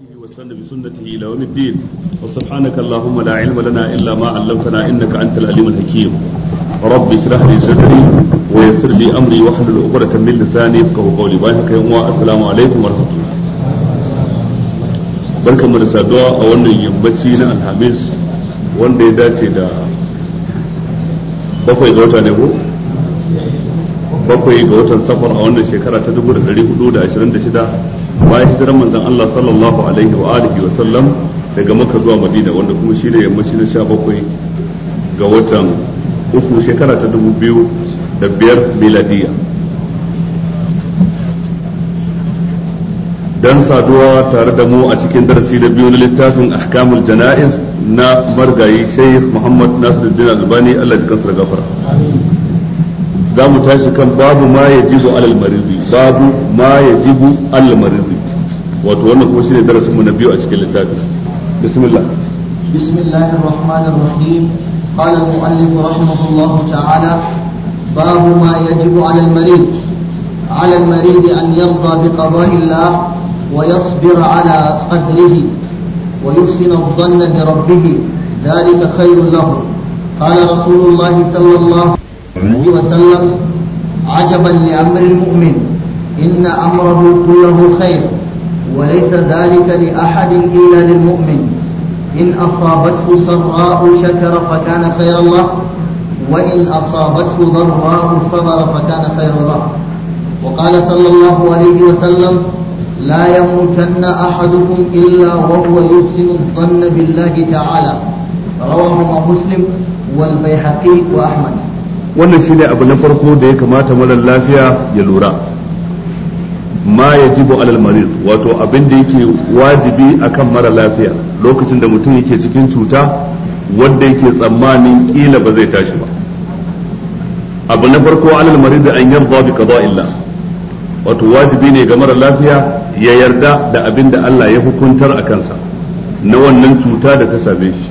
بهديه واستنى بسنته الى يوم الدين وسبحانك اللهم لا علم لنا الا ما علمتنا انك انت العليم الحكيم رب اشرح لي صدري ويسر لي امري واحلل عقدة من لساني يفقهوا قولي بايعك يا السلام عليكم ورحمه الله barkanmu da saduwa a wannan yammaci na alhamis wanda ya dace da bakwai ga wata ne ko bakwai ga watan safar a wannan shekara ta 1426 bayan hijirar manzon Allah sallallahu alaihi wa alihi wa sallam daga Makka zuwa Madina wanda kuma shi ne yammaci na 17 ga watan uku shekara ta biyu da biyar miladiya dan saduwa tare da mu a cikin darasi da biyu na littafin ahkamul jana'iz na margayi shaykh Muhammad Nasiruddin Albani Allah ya kansa gafara za mu tashi kan babu ma yajibu alal maridi babu ma yajibu alal maridi wato wannan kuma shine darasin mu na biyu a cikin littafin bismillah bismillahir rahmanir rahim قال المؤلف رحمه الله تعالى باب ما يجب على المريض على المريض أن يرضى بقضاء الله ويصبر على قدره ويحسن الظن بربه ذلك خير له قال رسول الله صلى الله عليه وسلم عجبا لأمر المؤمن إن أمره كله خير وليس ذلك لأحد إلا للمؤمن إن أصابته سراء شكر فكان خيرا له وإن أصابته ضراء صبر فكان خيرا له وقال صلى الله عليه وسلم لا يموتن أحدكم إلا وهو يحسن الظن بالله تعالى رواه مسلم والبيهقي وأحمد wannan shine abu na farko da ya kamata mara lafiya ya lura ma ya yajibu alal marid wato abin da yake wajibi akan mara lafiya lokacin da mutum yake cikin cuta wanda yake tsammanin kila ba zai tashi ba abu na farko alal marid an yarda bi illa wato wajibi ne ga mara lafiya ya yarda da abin da Allah ya hukuntar a kansa na wannan cuta da ta same shi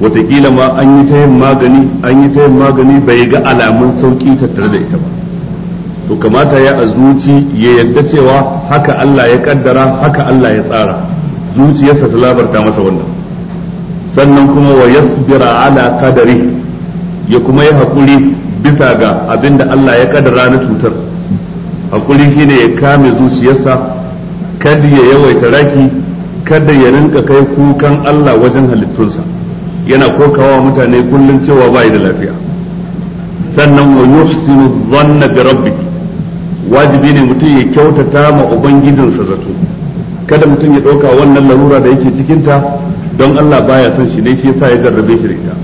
wataƙila ma an yi ta yin magani an yi ta yin magani bai ga alamun sauƙi tattare da ita ba to kamata ya a zuci ya yadda cewa haka Allah ya kaddara haka Allah ya tsara zuciyarsa ta labarta masa wannan sannan kuma wa yasbira ala qadari ya kuma yi hakuri bisa ga abinda Allah ya kaddara na cutar hakuri shine ya kame zuciyarsa kada ya yawaita raki kada ya rinka kai kukan Allah wajen halittunsa yana kokawa mutane kullum cewa bai da lafiya sannan wa yuhsinu dhanna bi rabbih wajibi ne mutum ya kyautata ma ubangijinsa zato kada mutum ya ɗauka wannan larura da yake cikinta don Allah baya son shi ne shi yasa ya jarrabe shi da ita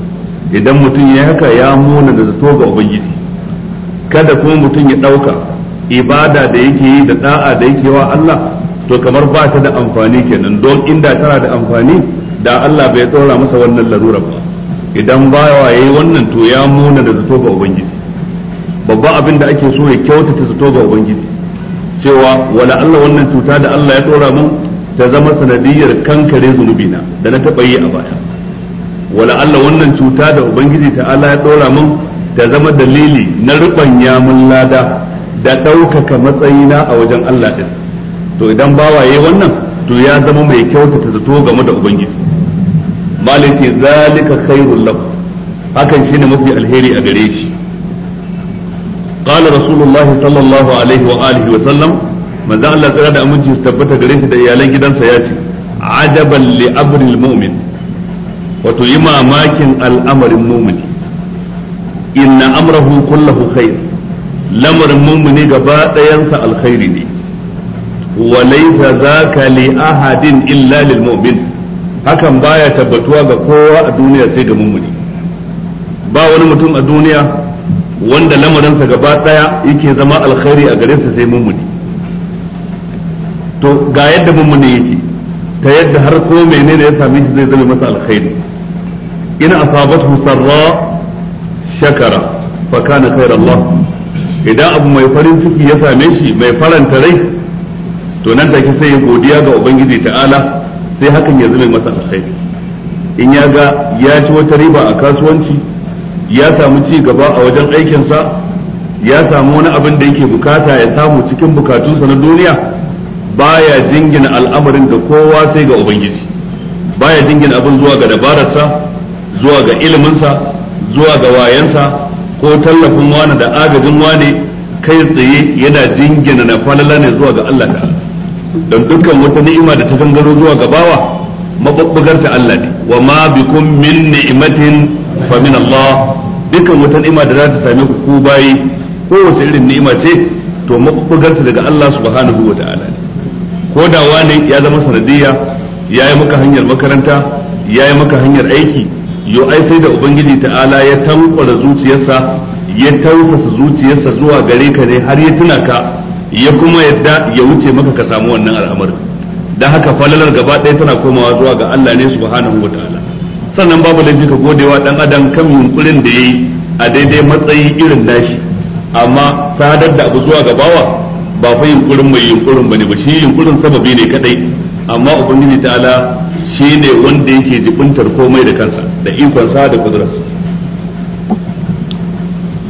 idan mutum ya haka ya muna da zato ga ubangiji kada kuma mutum ya ɗauka ibada da yake yi da da'a da yake wa Allah to kamar ba ta da amfani kenan don inda tana da amfani da Allah bai ɗora masa wannan larura ba idan baya yayi wannan to ya muna da zato ga ubangiji babban abin da ake so ya kyautata zato ga ubangiji cewa wala Allah wannan cuta da Allah ya dora mun ta zama sanadiyar kankare zunubina da na taɓa yi a baya wala Allah wannan cuta da ubangiji ta Allah ya dora mun ta zama dalili na rubanya mun lada da ɗaukaka matsayina a wajen Allah din to idan bawaye wannan to ya zama mai kyautata zato game da ubangiji malaki zalika khairul lak hakan shine mafi alheri a gare shi qala rasulullah sallallahu alaihi wa alihi wa sallam manzo Allah tsira da aminci su tabbata gare shi da iyalan gidansa ya ce ajaban li amril wato yi mamakin al'amarin mu'mini inna amrahu kullahu khair lamarin mu'mini gaba ɗayansa alkhairi ne wa laysa zaka li ahadin illa lil hakan baya tabbatuwa ga kowa a duniya sai ga mumuni. ba wani mutum a duniya wanda lamarinsa gaba daya yake zama alkhairi a gare sa sai mummuni to ga yadda mummuni yake ta yadda har ko menene ya same shi zai zama masa alkhairi in asabatu sarra shakara fa kana khairu Allah idan abu mai farin ciki ya same shi mai faranta rai to nan take sai ya godiya ga ubangiji ta'ala sai hakan ya zama masa alkhairi in ya ga ya ci wata riba a kasuwanci ya samu ci gaba a wajen aikinsa ya samu wani abin da yake bukata ya samu cikin bukatunsa na duniya baya jingina al'amarin da kowa sai ga ubangiji baya jingina abin zuwa ga dabararsa zuwa ga iliminsa zuwa ga wayansa ko tallafin wani da agajin wani kai tsaye yana jingina na falala ne zuwa ga Allah ta'ala don dukkan wata ni'ima da ta gangaro zuwa ga bawa mabubbugar ta Allah ne wa ma bikum min ni'matin fa min Allah dukkan wata ni'ima da za ta same ku ku bayi kowace irin ni'ima ce to makugarta daga Allah subhanahu wa ta'ala ko da wani ya zama sanadiyya ya yi maka hanyar makaranta ya yi maka hanyar aiki yo ai sai da ubangiji ta'ala ya tankwara zuciyarsa ya tausasa zuciyarsa zuwa gare ka ne har ya tuna ka ya kuma yadda ya wuce maka ka samu wannan al'amarin dan haka falalar gaba ɗaya tana komawa zuwa ga Allah ne subhanahu wa ta'ala sannan babu laifi ka gode wa dan adam kan yunkurin da yayi a daidai matsayi irin nashi amma sadar da abu zuwa ga ba fa yunkurin mai yunkurin bane ba shi yunkurin sababi ne kadai amma ubangiji ta'ala shi ne wanda yake jikuntar komai da kansa da ikon sa da kudurarsa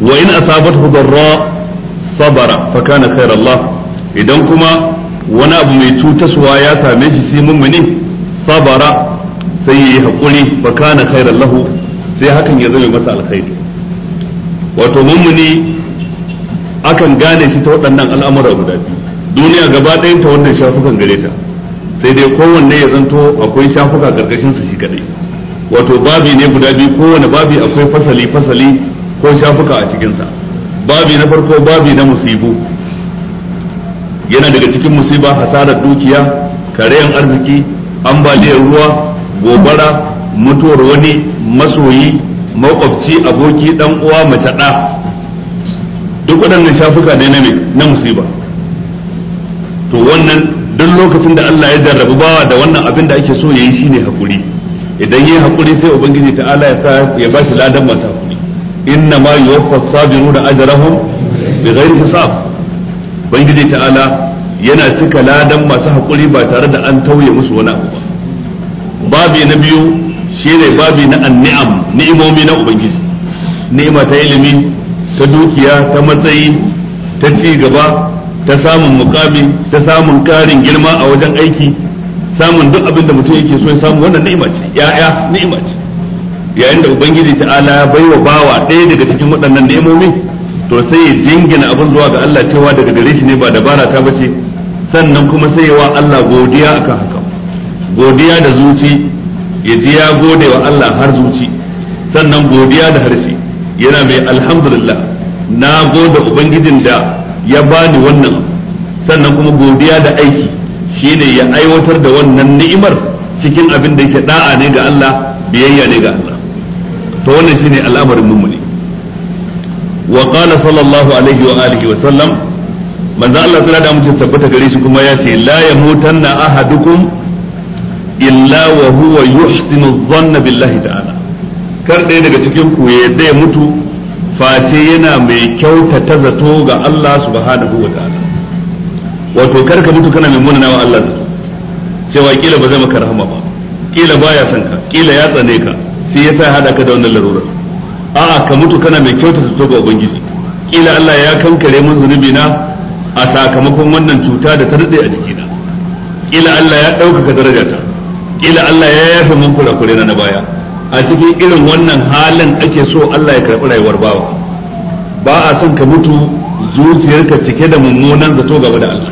wa in asabatu darra sabara fa kana khairallah idan kuma wani abu mai cutaswa ya same shi sai mummuni sabara sai yi hakuri ba kana khairan lahu sai hakan ya zama masa alkhairi wato mummuni akan gane shi ta waɗannan al'amura guda biyu duniya gaba ɗayan ta wannan shafukan gare ta sai dai kowanne ya zanto akwai shafuka karkashin su shi kadai wato babi ne guda biyu kowane babi akwai fasali fasali ko shafuka a cikinsa babi na farko babi na musibu yana daga cikin musiba hasarar dukiya karayan arziki ambaliyar ruwa gobara mutuwar wani masoyi makwabci aboki dan uwa mace da duk waɗannan shafuka ne na na musiba to wannan duk lokacin da Allah ya jarrabu bawa da wannan abin da ake so yayi shine hakuri idan yayi hakuri sai ubangiji ta'ala ya sa ya ba shi ladan masa hakuri inna ma yuwaffas sabiruna ajrahum bighairi hisab ubangiji ta'ala yana cika ladan masu hakuri ba tare da an tauye musu wani abu ba babi na biyu shine babi na anni'am ni'imomi na ubangiji ni'ima ta ilimi ta dukiya ta matsayi ta ci gaba ta samun mukami ta samun karin girma a wajen aiki samun duk abin da mutum yake so ya samu wannan ni'ima ce ya'ya ni'ima ce yayin da ubangiji ta'ala ya baiwa bawa ɗaya daga cikin waɗannan ni'imomi to sai ya jingina abin zuwa ga Allah cewa daga gare shi ne ba dabara ta bace sannan kuma sai ya wa Allah godiya akan haka godiya da zuci ya ji ya gode wa Allah har zuci sannan godiya da harshe yana mai alhamdulillah na gode ubangijin da ya bani wannan sannan kuma godiya da aiki shine ya aiwatar da wannan ni'imar cikin abin da yake da'a ne ga Allah biyayya ne ga Allah to wannan shine al'amarin mummuni wa qala sallallahu alaihi wa alihi wa sallam manzo Allah wa sallam ya tabbata gare shi kuma ya ce la yamutanna ahadukum illa wa huwa yuhsinu dhanna billahi ta'ala kar ɗaya daga cikin ku ya yadda ya mutu face yana mai ta zato ga Allah subhanahu wa ta'ala wato kar ka mutu kana mai munana wa Allah cewa kila ba zai maka rahama ba kila baya son ka kila ya tsane ka sai ya sa hada ka da wannan larura. a'a ka mutu kana mai kyautata zato ga ubangiji kila Allah ya kankare mun zunubi na a sakamakon wannan cuta da ta rade a jikina kila Allah ya ɗaukaka darajata ila Allah ya yafe mun kurakure na baya a cikin irin wannan halin ake so Allah ya karɓi rayuwar bawa ba a son ka mutu zuciyarka cike da mummunan zato game da Allah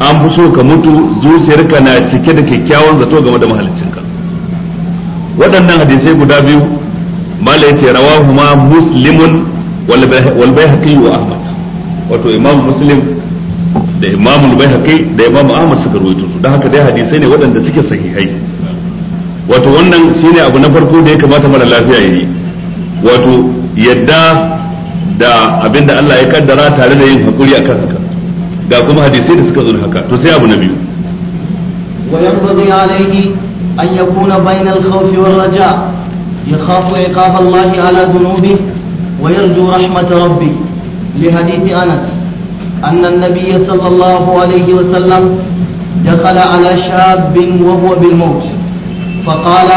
an fi so ka mutu zuciyarka na cike da kyakkyawan zato game da mahaliccinka waɗannan hadisai guda biyu malai ce rawahu ma muslimun wal bayhaqi wa ahmad wato imam muslim da imam al-baihaqi da imam ahmad suka ruwaito su dan haka dai hadisai ne waɗanda suke sahihai wato wannan shine abu na farko da ya kamata mara lafiya yi wato yadda da abinda Allah ya kaddara tare da yin hakuri akan haka ga kuma hadisai da suka zo haka to sai abu na biyu وينبغي عليه أن يكون بين الخوف والرجاء Allah ala الله wa yarju ويرجو رحمة li hadithi anas. أن النبي صلى الله عليه وسلم دخل على شاب وهو بالموت فقال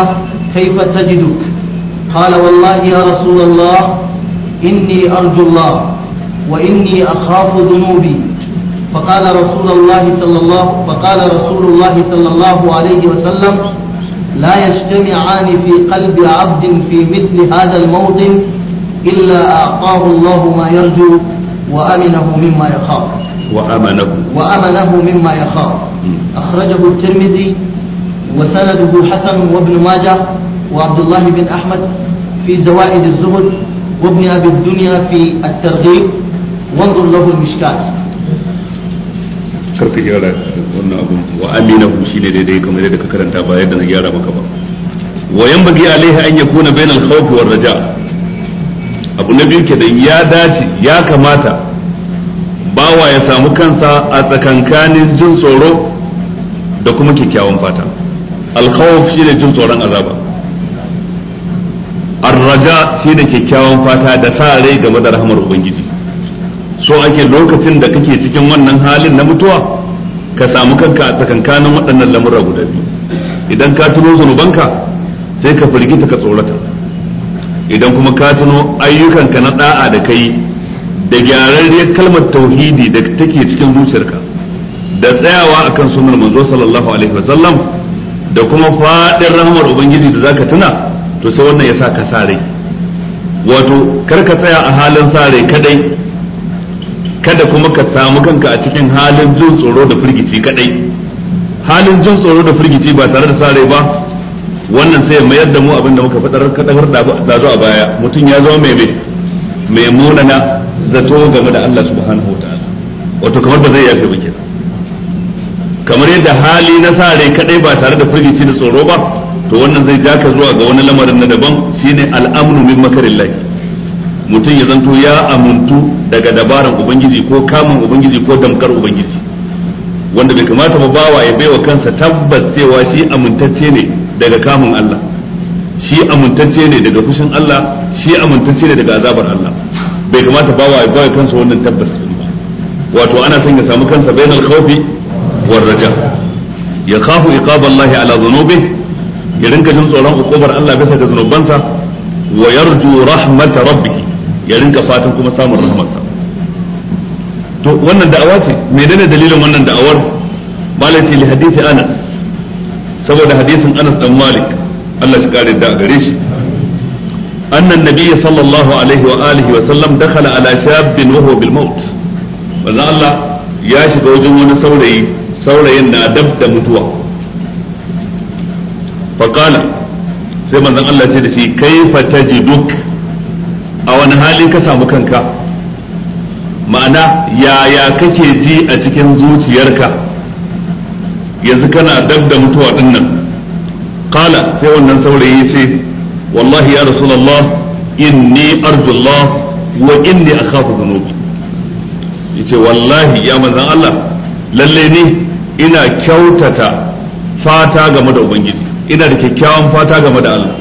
كيف تجدك قال والله يا رسول الله إني أرجو الله وإني أخاف ذنوبي فقال رسول الله صلى الله فقال رسول الله صلى الله عليه وسلم لا يجتمعان في قلب عبد في مثل هذا الموطن إلا أعطاه الله ما يرجو وأمنه مما يخاف وأمنه وأمنه مما يخاف أخرجه الترمذي وسنده حسن وابن ماجه وعبد الله بن أحمد في زوائد الزهد وابن أبي الدنيا في الترغيب وانظر له المشكات karka gyara wannan abu wa hu shine daidai kamar yadda ka karanta ba yadda na gyara maka ba wa yanbaghi alaiha an yakuna bainal khawf war raja' abu na biyu kenan ya dace ya kamata bawa ya samu kansa a tsakankanin jin tsoro da kuma kyakkyawan fata shi ne jin tsoron azaba arraja ne kyakkyawan fata da sa rai game da rahamar ubangiji so ake lokacin da kake cikin wannan halin na mutuwa ka samu kanka a tsakankanin waɗannan lamura guda biyu idan ka tuno zunubanka sai ka firgita ka tsorata idan kuma ka tuno ayyukanka na da'a da kai da gyararriyar kalmar tauhidi da take cikin zuciyarka da tsayawa akan sunan manzo sallallahu alaihi wa sallam, da kuma fadin rahmar ubangiji da zaka tuna to sai wannan ya sa ka sa wato kar ka tsaya a halin sa rai kadai kada kuma ka samu kanka a cikin halin jin tsoro da firgici kadai halin jin tsoro da firgici ba tare da sare ba wannan sai mayar da mu abin da muka fadar kadar da zo a baya mutum ya zama mai mai munana zato game da Allah subhanahu wataala wato kamar da zai yafe ba kamar yadda hali na sa rai kadai ba tare da firgici da tsoro ba to wannan zai ja ka zuwa ga wani lamarin na daban shine al'amnu min makarillahi mutum ya zanto ya amintu daga dabaran ubangiji ko kamun ubangiji ko damkar ubangiji wanda bai kamata ba bawa ya baiwa kansa tabbas cewa shi amintacce ne daga kamun Allah shi amintacce ne daga fushin Allah shi amintacce ne daga azabar Allah bai kamata ba wa ba kansa wannan tabbas wato ana son ya samu kansa bainal khawfi war raja ya khafu iqab Allah ala dhunubi ya rinka jin tsoron ukubar Allah bisa ga zunubansa wa yarju rahmat rabbih ya rinka fatan kuma samun rahmatsa to wannan da'awa ce menene dalilin wannan da'awar malati li hadisi anas saboda hadisin Anas dan Malik Allah shi kare da gare shi annan nabiyyi sallallahu alaihi wa alihi wa sallam dakhala ala shabbin wa huwa bil maut manzo Allah ya shiga wajen wani saurayi saurayin na dab da mutuwa faqala sai manzon Allah ce da shi kaifa tajiduk a wani hali ka samu kanka ma'ana yaya kake ji a cikin zuciyarka yanzu kana dab da mutuwa din nan qala sai wannan saurayi sai wallahi ya rasulullah inni allah wa inni akhafu dhunubi yace wallahi ya manzon Allah lalle ne ina kyautata fata game da ubangiji ina da kyakkyawan fata game da Allah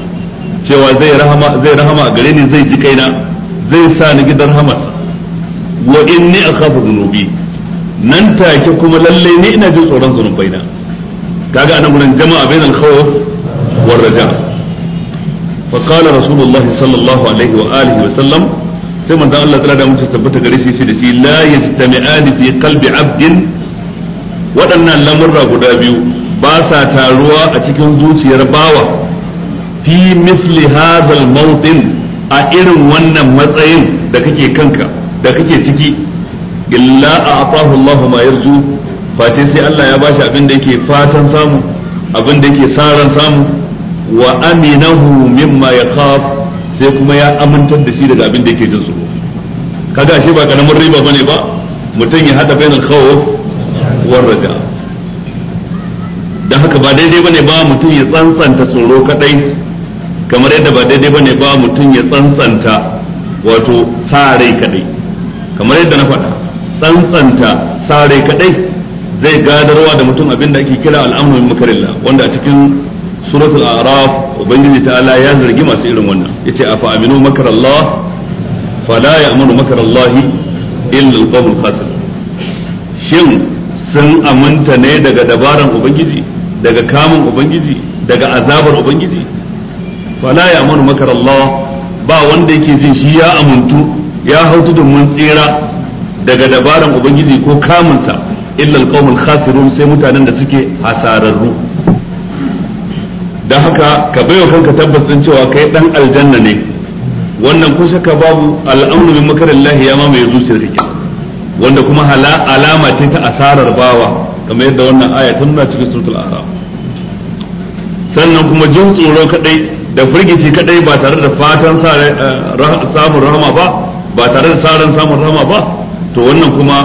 cewa zai rahama zai rahama a gare ni zai ji kaina zai sa ni gidan rahamarsa wa inni akhafu dhunubi nan take kuma lallai ne ina jin tsoron zunubai na kaga anan gurin jama'a bainal khawf war raja fa qala rasulullah sallallahu alaihi wa alihi wa sallam sai manzo Allah ta'ala da mutum tabbata gare shi shi da shi la yajtami'an fi qalbi 'abdin waɗannan lamurra guda biyu ba sa taruwa a cikin zuciyar bawa fi misli hadha al a irin wannan matsayin da kake kanka da kake ciki illa a'tahu Allahu ma yarju face sai Allah ya bashi abin da yake fatan samu abin da yake saran samu wa aminahu mimma yakhaf sai kuma ya amintar da shi daga abin da yake jin tsoro kaga shi ba karamin riba bane ba mutum ya hada bainal khawf war raja dan haka ba daidai bane ba mutum ya tsantsanta tsoro kadai kamar yadda ba daidai bane ba mutum ya tsantsanta wato sa rai kadai kamar yadda na faɗa tsantsanta sare kadai zai gadarwa da mutum abin da ake kira al'amru min wanda a cikin suratul a'raf ubangiji ta'ala ya zargi masu irin wannan yace afa aminu makarallah fala ya'munu makarallahi illa al-qawmul khasir shin sun aminta ne daga dabaran ubangiji daga kamun ubangiji daga azabar ubangiji fala ya'munu makarallah ba wanda yake jin shi ya amuntu ya hautu domin tsira daga dabaran ubangiji ko kamunsa illa alqaumul khasirun sai mutanen da suke hasararru dan haka ka baiwa kanka tabbas din cewa kai dan aljanna ne wannan kun shakka babu al'amru min makarillahi ya mamaye zuciyar kake wanda kuma hala alama ce ta asarar bawa kamar yadda wannan aya ta nuna cikin suratul ahzab sannan kuma jin tsoro kadai da firgici kadai ba tare da fatan eh, samun rahama ba ba tare da saran samun rahama ba to wannan kuma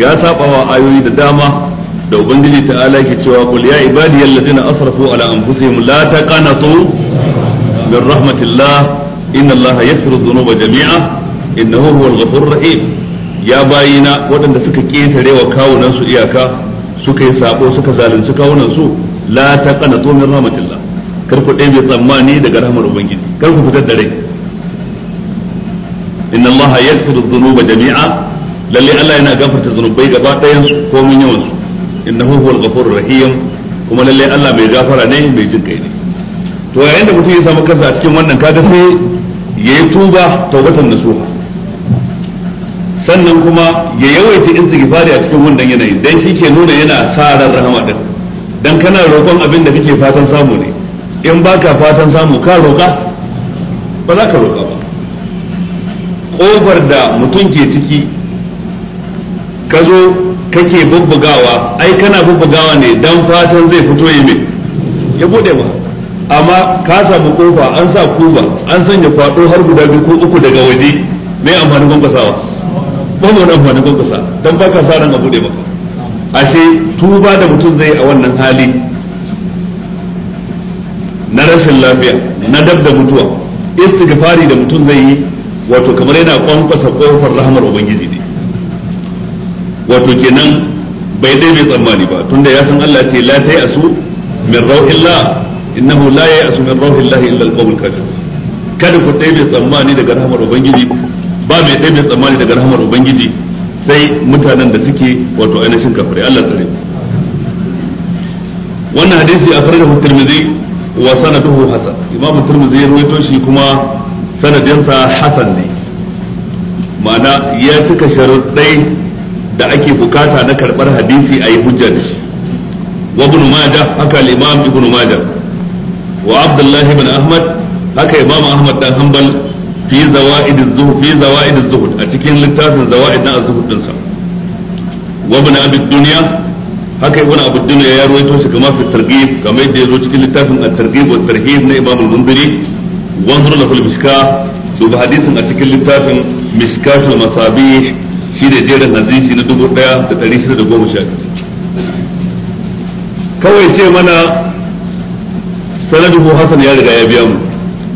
ya saba wa ayoyi da dama da ubangiji ta'ala ke cewa qul ya ibadiyal ladina asrafu ala anfusihim la taqanatu min rahmatillah inna allaha yaghfiru dhunuba jami'a innahu huwal ghafurur rahim ya bayina waɗanda suka ƙetare wa kawunan su iyaka suka yi sabo suka zalunci kawunan su la taqanatu min rahmatillah kar ku ɗebe tsammani daga rahmar ubangiji kar ku fitar da rai inna allaha yaghfiru dhunuba jami'a lalle Allah yana gafarta zunubai gaba ɗayan su komai yawan su innahu huwal ghafurur rahim kuma lalle Allah mai gafara ne mai jin kai ne to yayin da mutum ya samu kansa a cikin wannan kaga sai yayi tuba tawbatan nasuha sannan kuma ya yawaita istighfari a cikin wannan yanayi dan shi ke nuna yana sa ran rahama din dan kana roƙon abin da kake fatan samu ne in baka fatan samu ka roƙa ba za ka roƙa ba ƙofar da mutum ke ciki ka zo kake bubbugawa ai kana bubbugawa ne dan fatan zai fito yi mai ya bude ma amma ka samu kofa an sa kuba an sanya kwado har guda biyu ko uku daga waje mai amfanin gwangwasawa ba mu wani amfanin gwangwasa dan baka sa ran a bude maka ashe tuba da mutum zai a wannan hali na rashin lafiya na dab da mutuwa istighfari da mutum zai yi wato kamar yana kwamfasa kofar rahmar ubangiji ne wato kenan bai dai mai tsammani ba tunda ya san Allah ce la ta asu min rauhillah innahu la ya asu min rauhillah illa alqawmul kafir kada ku dai mai tsammani daga rahmar ubangiji ba mai dai mai tsammani daga rahmar ubangiji sai mutanen da suke wato ainihin kafir Allah tsare wannan hadisi a farko Tirmidhi wa sanaduhu hasan imamu Tirmidhi ya rawaito shi kuma sanadinsa hasan ne ma'ana ya cika sharuɗai da ake bukata na karbar hadisi a yi hujja da shi wa ibn majah haka al-imam ibn majah wa abdullah ibn ahmad haka imam ahmad dan hanbal fi zawaid az-zuhd fi zawaid az-zuhd a cikin littafin zawaid na az-zuhd din sa wa ibn abi dunya haka ibn abi dunya ya ruwaito shi kamar fi targhib kamar yadda ya zo cikin littafin at-targhib wa tarhib na imam al-munziri wa anzur lahu al-mishkah duba hadisin a cikin littafin mishkatul masabih shi ne jerin hadisi na dubu ɗaya da ɗari shida da goma sha kawai ce mana sanadu hasan ya riga ya biya mu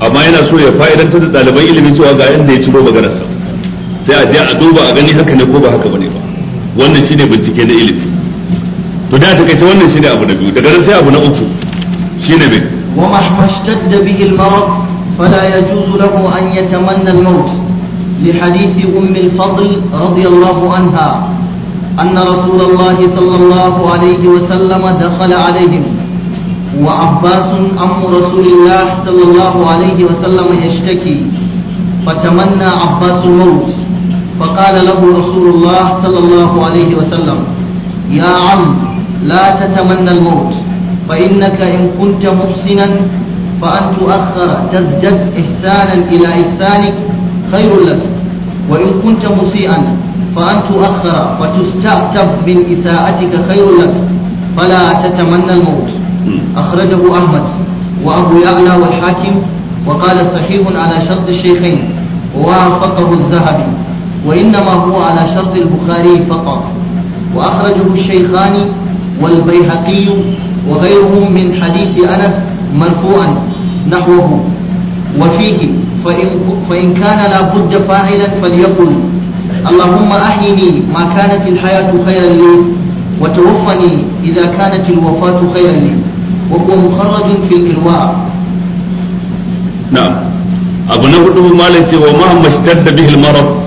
amma yana so ya fa'idantar da ɗaliban ilimin cewa ga inda ya ciro maganarsa sai a je a duba a gani haka ne ko ba haka bane ba wannan shine bincike na ilimi to da take ce wannan shine abu na biyu daga nan sai abu na uku shine bai wa mahmashtad bihi al-marad fala yajuzu lahu an yatamanna al-maut لحديث أم الفضل رضي الله عنها أن رسول الله صلى الله عليه وسلم دخل عليهم وعباس أم رسول الله صلى الله عليه وسلم يشتكي فتمنى عباس الموت فقال له رسول الله صلى الله عليه وسلم يا عم لا تتمنى الموت فإنك إن كنت محسنا فأن تؤخر تزدد إحسانا إلى إحسانك خير لك وإن كنت مسيئا فأن تؤخر وتستعتب من إساءتك خير لك فلا تتمنى الموت أخرجه أحمد وأبو يعلى والحاكم وقال صحيح على شرط الشيخين ووافقه الذهبي وإنما هو على شرط البخاري فقط وأخرجه الشيخان والبيهقي وغيرهم من حديث أنس مرفوعا نحوه وفيه فإن, فإن كان لا بد فاعلا فليقل اللهم أحيني ما كانت الحياة خيرا لي وتوفني إذا كانت الوفاة خيرا لي وهو مخرج في الإرواع نعم abu na hudu malam cewa ma mastar da bihil marad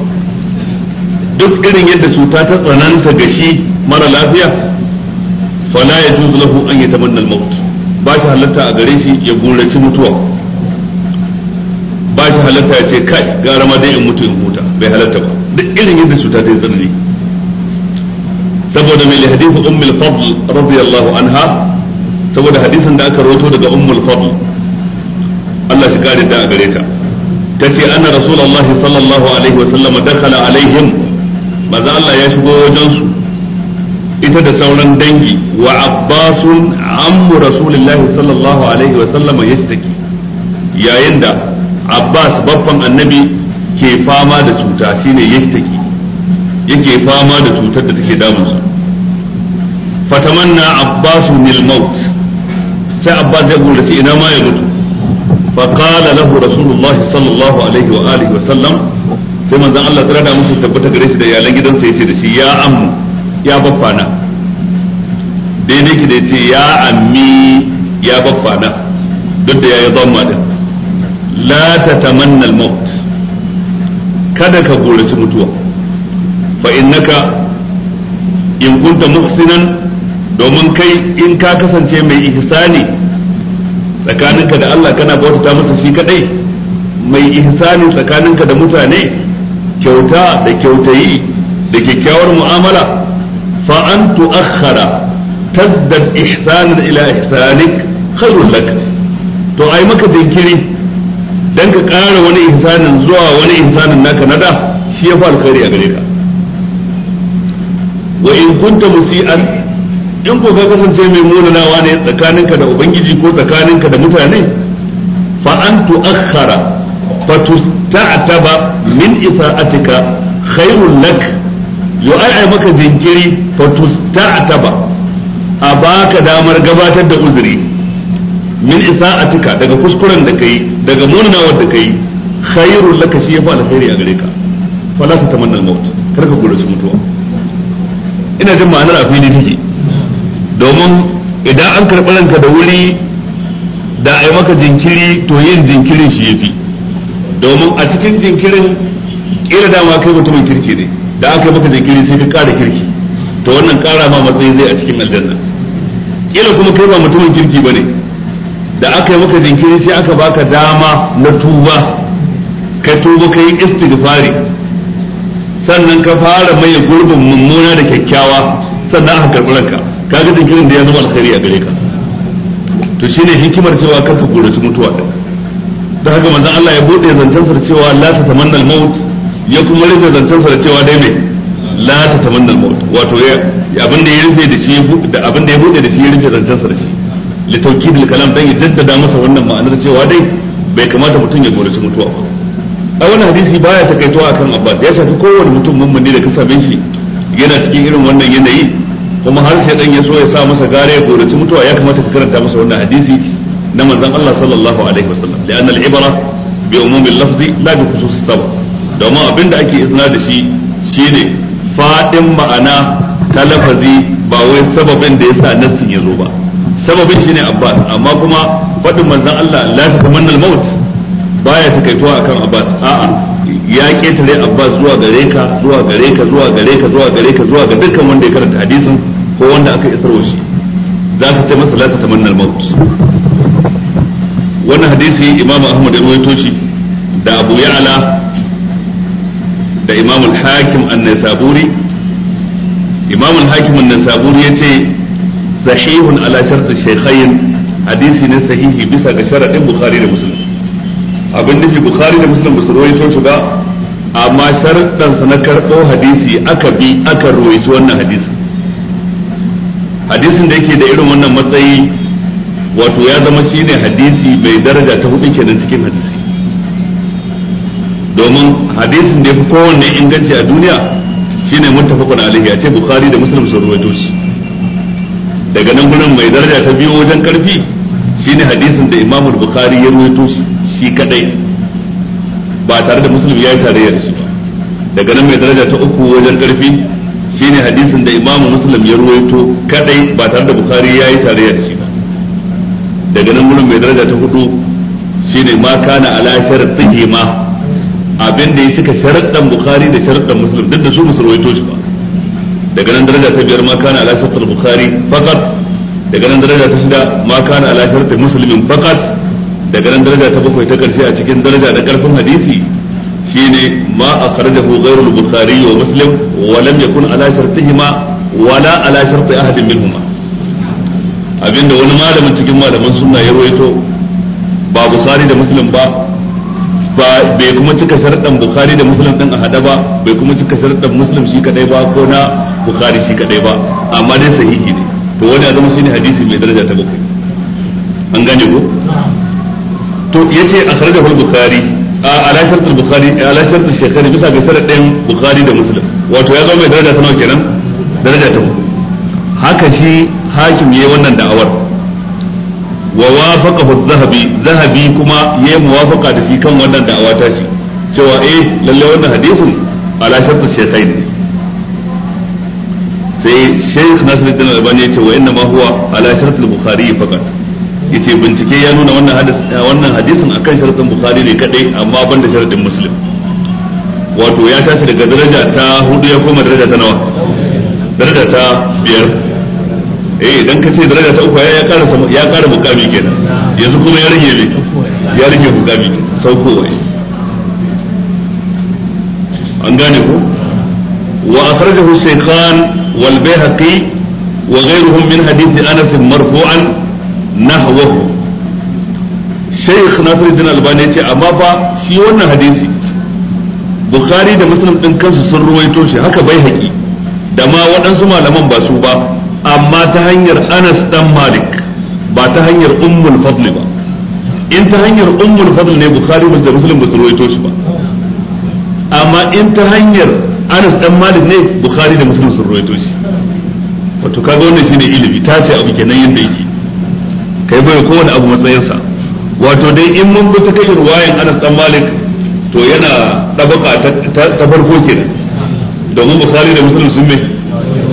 duk irin yadda cuta ta tsananta ga shi mara lafiya fala ya juzu lahu an yatamanna al-maut ba shi halatta a gare shi ya gurace mutuwa ba shi halatta ya ce kai gara ma dai in mutu in huta bai halatta ba duk irin yadda cuta ta yi tsanani saboda mai hadisin ummul fadl radiyallahu anha saboda hadisin da aka rawaito daga ummul fadl Allah shi kare ta a gare ta tace anna rasulullahi sallallahu alaihi wa sallam dakhala alaihim maza Allah ya shigo wajen su ita da sauran dangi wa abbasun ammu rasulillahi sallallahu alaihi wa sallam yashtaki yayin da abbas babban annabi ke fama da cuta shine yashtaki yake fama da cutar da take damunsa fatamanna abbasu nil maut sai abbas ya zai shi ina ma ya mutu فقال له رسول الله alaihi wa عليه wa sallam sai manzon Allah tsara da musu tabbata gare shi da iyalan gidansa yace da shi ya ammu ya dai daidai ki da yace ya ammi ya baffana duk da yayi zamma din la tatamanna al-maut kada ka gorace mutuwa fa innaka in kunta domin kai in ka kasance mai ihsani tsakaninka da Allah kana bautata masa shi kadai mai ihsani tsakaninka da mutane kyauta da kyautayi da kyakkyawar mu'amala fa an tu'akhkhara tazdad ihsanan ila ihsanik khairul lak to ai maka jinkiri dan ka ƙara wani ihsanin zuwa wani ihsanin naka na da shi ya fi alkhairi a gare ka wa in kunta musi'an in ko ka kasance mai munanawa ne tsakaninka da ubangiji ko tsakaninka da mutane fa an tu'akhkhara fa tusta'taba min isa'atika khairul lak yo maka jinkiri fa tusta'taba a baka damar gabatar da uzuri min isa'atika daga kuskuren da kai daga munanawar da kai khairul laka shi yafi alkhairi a gare ka fala ta tamanna al-maut kar ka gura mutuwa ina jin ma'anar a fili take domin idan an karɓi ranka da wuri da a yi maka jinkiri to yin jinkirin shi yafi domin a cikin jinkirin kila dama kai mutumin kirki ne da aka yi maka jinkiri sai ka ƙara kirki to wannan ƙara ma matsayi zai a cikin aljanna kila kuma kai ba mutumin kirki bane da aka yi maka jinkiri sai aka baka dama na tuba ka tuba ka yi istighfari sannan ka fara mai gurbin mummuna da kyakkyawa sannan aka karɓi ranka kaga jinkirin da ya zama alkhairi a gare ka to shine hikimar cewa kar ka gurace mutuwa da da haka manzon Allah ya bude zancen sa cewa la ta tamanna al-maut ya kuma rufe zancen sa cewa dai mai la ta tamanna al-maut wato ya abin da ya rufe da shi da abin da ya bude da shi ya rufe zancen sa da shi li tawkidil kalam dan ya jaddada masa wannan ma'anar cewa dai bai kamata mutum ya gori mutuwa ba a wannan hadisi baya takaitowa akan Abbas ya shafi kowane mutum mummuni da ka same shi yana cikin irin wannan yanayi kuma har sai dan ya so ya sa masa gare ya gori mutuwa ya kamata ka karanta masa wannan hadisi na manzon Allah sallallahu alaihi wasallam li anna al-ibra bi umumi al-lafzi la bi khusus sabab domin abinda ake izina da shi shine fadin ma'ana ta lafazi ba wai sababin da yasa nassin ya zo ba sababin shine Abbas amma kuma faɗin manzan Allah la takamannal maut baya a akan Abbas a'a ya ketare Abbas zuwa gare ka zuwa gare ka zuwa gare ka zuwa gare ka zuwa ga dukkan wanda ya karanta hadisin ko wanda aka wa shi za ka ce masa la mannal maut wannan hadisi Imam Ahmad ya rawaito shi da Abu Ya'la da Imam al-Hakim an-Nisaburi Imam al-Hakim an ya yace sahihun ala shartu shaykhayn hadisi ne sahihi bisa ga sharadin bukhari da muslim abin da ke bukhari da muslim ba su rawaito su ba amma sharadan sa na karbo hadisi aka bi aka rawaito wannan hadisi hadisin da yake da irin wannan matsayi wato ya zama shine hadisi mai daraja ta hudu kenan cikin hadisi domin hadisin da ya fi kowanne inganci a duniya shine muttafaqun alaihi a ce bukhari da muslim sun rawaito shi daga nan gurin mai daraja ta biyu wajen karfi shine hadisin da Imam Bukhari ya rawaito shi kadai ba tare da Muslim ya yi tarayyar shi ba daga nan mai daraja ta uku wajen karfi shine hadisin da Imam Muslim ya rawaito kadai ba tare da Bukhari ya yi tarayyar shi ba daga nan gurin mai daraja ta hudu shine ma kana ala sharatin ma abin da ya cika sharaddan Bukhari da sharaddan Muslim duk da su ya rawaito shi ba daga nan daraja ta biyar ma kana ala shartul bukhari faqat daga nan daraja ta shida ma kana ala shartul muslimin faqat daga nan daraja ta bakwai ta karshe a cikin daraja da karfin hadisi shine ma akhrajahu ghayrul bukhari wa muslim wa lam yakun ala shartihima wala ala sharti ahadin minhuma abinda wani malamin cikin malaman sunna ya rawaito ba bukhari da muslim ba ba bai kuma cika sharɗan bukhari da muslim ɗin a hada ba bai kuma cika sharɗan muslim shi kadai ba ko na bukhari shi kadai ba amma dai sahihi ne to wani a zama ne hadisi mai daraja ta bakwai an gane ko to yace hul bukhari a ala shartar bukhari ala shart shaykhani bisa ga sharadin bukhari da muslim wato ya zama mai daraja ta nawa kenan daraja ta bakwai haka shi hakim yi wannan da'awar wa wafaqahu zahabi zahabi kuma yayi muwafaqa da shi kan wannan da'awa ta shi cewa eh lalle wannan hadisin ala shartu shaykhain sai shaykh Nasiruddin Albani yace wa inna ma huwa ala shartu bukhari faqat yace bincike ya nuna wannan hadis wannan hadisin akan sharadin bukhari ne kadai amma banda sharadin muslim wato ya tashi daga daraja ta hudu ya koma daraja ta nawa daraja ta biyar eh idan ka ce daraja ta uku ya ƙara ya ƙara mukami kenan yanzu kuma ya rage ne ya rage mukami saukowa an gane ko wa akhrajahu shaykhan wal bayhaqi wa ghayruhum min hadith anas marfu'an nahwahu shaykh nasiruddin albani ce amma fa shi wannan hadisi bukhari da muslim din kansu sun ruwaito shi haka bayhaqi haƙi da ma waɗansu malaman ba su ba amma ta hanyar Anas dan Malik ba ta hanyar Ummul Fadl ba in ta hanyar Ummul Fadl ne Bukhari da Muslim ba su ruwaito shi ba amma in ta hanyar Anas dan Malik ne Bukhari da Muslim sun ruwaito shi wato kaga wannan shine ilimi ta ce abu kenan yadda yake kai bai kowane abu matsayinsa wato dai in mun bi ta kai ruwayan Anas dan Malik to yana dabaka ta farko kenan domin Bukhari da Muslim sun me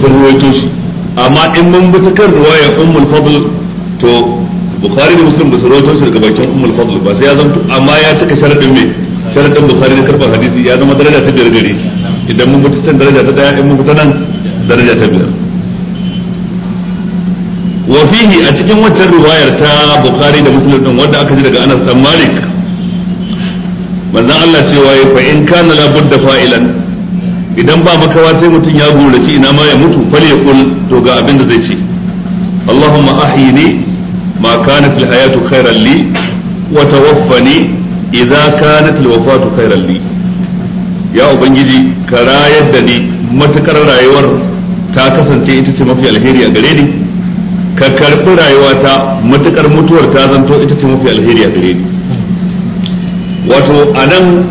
sun ruwaito shi amma in mun bi ta kan ruwayar ummul fadl to bukhari da muslim ba su rawaito shi daga bakin ummul fadl ba sai ya zanto amma ya cika sharadin me sharadin bukhari da karban hadisi ya zama daraja ta biyar gare idan mun fita can daraja ta daya in mun fita nan daraja ta biyar wa fihi a cikin wancan riwayar ta bukhari da muslim din wanda aka ji daga anas dan malik manzon Allah cewa fa in kana la budda fa'ilan idan ba makawa sai mutum ya gurace ina ma ya mutu fal yaqul to ga abin da zai ce Allahumma ahyini ma kanat al hayatu khairan li wa tawaffani idza kanat al wafatu khairan li ya ubangiji ka rayar da ni matukar rayuwar ta kasance ita ce mafi alheri a gare ni ka karbi rayuwata matukar mutuwar ta zanto ita ce mafi alheri a gare ni wato anan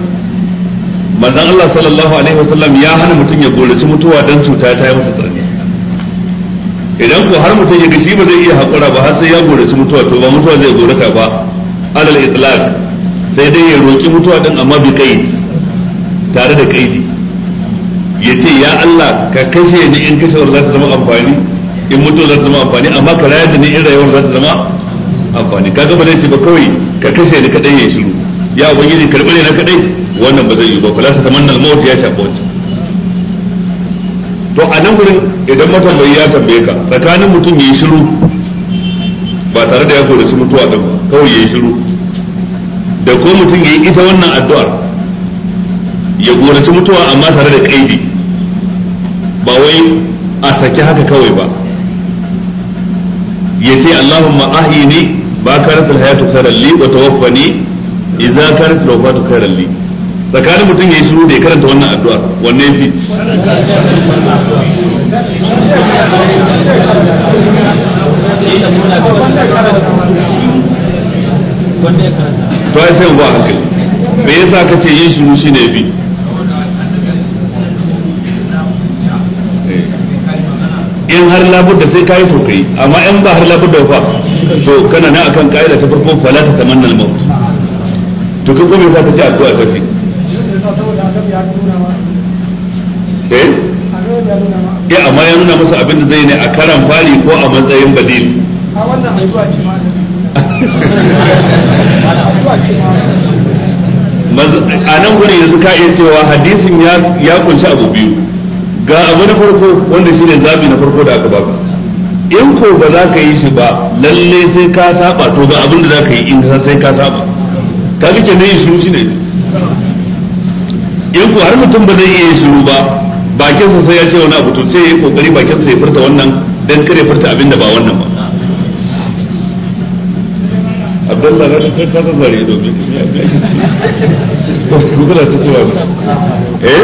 manzon Allah sallallahu alaihi wasallam ya hana mutum ya goraci mutuwa dan cuta ta yi masa tsarki idan ko har mutum ya gashi ba zai iya hakura ba har sai ya goraci mutuwa to ba mutuwa zai gorata ba alal itlaq sai dai ya roki mutuwa din amma bi kai tare da kaidi ya ce ya Allah ka kashe ni in kashewar za ta zama amfani in mutu za ta zama amfani amma ka rayar da ni in rayuwar za ta zama amfani kaga ba zai ce ba kawai ka kashe ni kadai ya shiru ya ubangiji karɓi ne na kadai wannan ba zai yi ba kula ta tamanna al-maut ya shafa wancan to a nan gurin idan matambayi ya tambaye ka tsakanin mutum ya shiru ba tare da ya koraci mutuwa ɗin kawai ya shiru da ko mutum ya yi ita wannan addu'ar ya koraci mutuwa amma tare da kaidi ba wai a saki haka kawai ba ya ce allahumma ahini ba ka rasa hayatu saralli wa tawaffani idza kanat al ta khairan li tsakanin mutum yi shiru da ya karanta wannan addu'ar wanne yafi to ai sai ba hankali me yasa kace yin shiru shine yafi in har labudda sai kai to kai amma in ba har labudda ba, to kana na akan kaida ta farko fala ta al maut to ka kuma yasa ka ce addu'a ta fi eh? eh amma ya nuna masa abin da zai ne a karan fari ko a matsayin badil a wannan addu'a ce ma a nan gudun yanzu ka iya cewa hadisin ya kunshi abu biyu ga abu na farko wanda shi ne zabi na farko da aka baka in ko ba za ka yi shi ba lalle sai ka saba to ga abin da za ka yi in sai ka saba ga kenan yin shiru shine in ku har mutum ba zai iya yin shiru ba bakin sa sai ya ce wani abu to sai ya kokari bakin sa ya furta wannan dan kare furta abin da ba wannan ba Abdullahi na shi ka zare domin kula ta cewa eh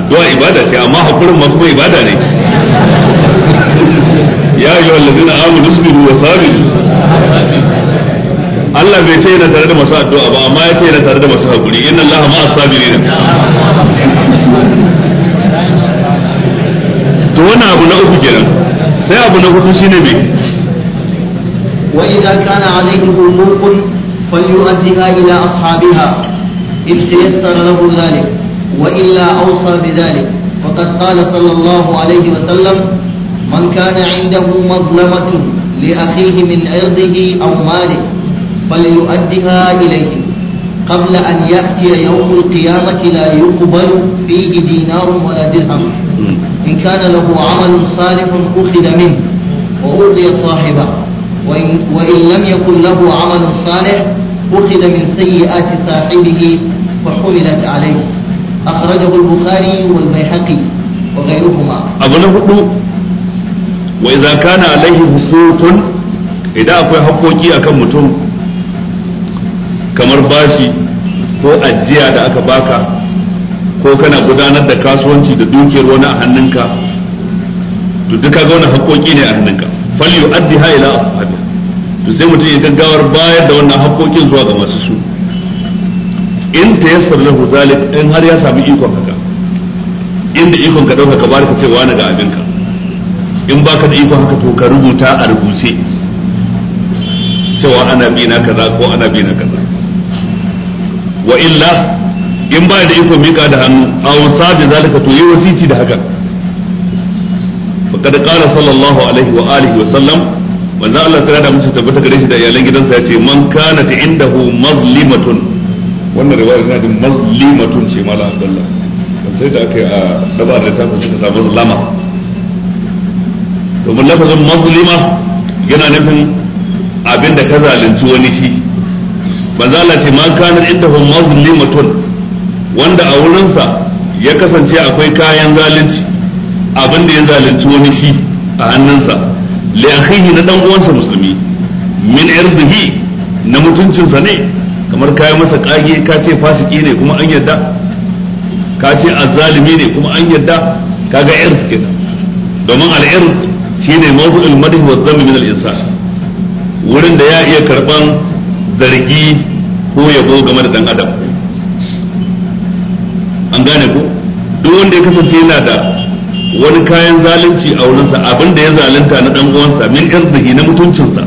addu'a ibada ce amma hakurin ma kuma ibada ne ya yi ayyuhal ladina amu nusbiru wa sabiru Allah bai ce yana tare da masu addu'a ba amma ya ce yana tare da masu hakuri inna Allah ma as-sabirin to wannan abu na uku kenan sai abu na hudu shine me wa idza kana alayhi humuqun falyu'addiha ila ashabiha in tayassara lahu dhalik wa illa awsa bidhalik qala sallallahu alayhi wa sallam man kana 'indahu عنده li akhihi min 'irdihi aw malihi فليؤدها إليه قبل أن يأتي يوم القيامة لا يقبل فيه دينار ولا درهم إن كان له عمل صالح أخذ منه وأعطي صاحبه وإن, وإن لم يكن له عمل صالح أخذ من سيئات صاحبه وحملت عليه أخرجه البخاري والبيهقي وغيرهما أظن هدو وإذا كان عليه حقوق إذا أكو حقوقي أكم متوم kamar bashi ko ajiya da aka baka ko kana gudanar da kasuwanci da dukiyar wani a hannunka to duka ga wani haƙoƙi ne a hannunka fal yu'addi ha ila ashabi to sai mutum ya gaggawar bayar da wannan haƙoƙin zuwa ga masu su in yassar lahu zalik in har ya sami ikon haka inda ikon ka dauka ka barka cewa na ga abinka in baka da ikon haka to ka rubuta a rubuce cewa ana bi na kaza ko ana bi na kaza wa illa in ba da iko mika da hannu wasa da zalika to yi wasiti da haka kada qala sallallahu alaihi wa alihi wa sallam manzo Allah ta da musu tabbata gare shi da iyalan gidansa ya ce man kana ta indahu mazlimatun wannan riwaya tana da mazlimatun ce malam Abdullah sai da aka yi a dabar da tafi suka samu zalama domin lafazin mazlima yana nufin abin da ka zalunci wani shi bazala ce ma kanar inda hum mutum wanda a wurinsa ya kasance akwai kayan zalunci abin da ya zalunci wani shi a hannunsa a akhihi na dan uwansa musulmi min irdihi na mutuncinsa ne kamar kayi masa kage ka ce fasiki ne kuma an yadda ka ce azzalimi ne kuma an yadda kaga ird kenan domin al-ird shine mawdu'ul madh wa dhamm min al-insan wurin da ya iya karban zargi ko yabo game da dan adam an gane ko duk wanda ya kasance yana da wani kayan zalunci a wurinsa abin da ya zalunta na dan uwansa min irzihi na mutuncinsa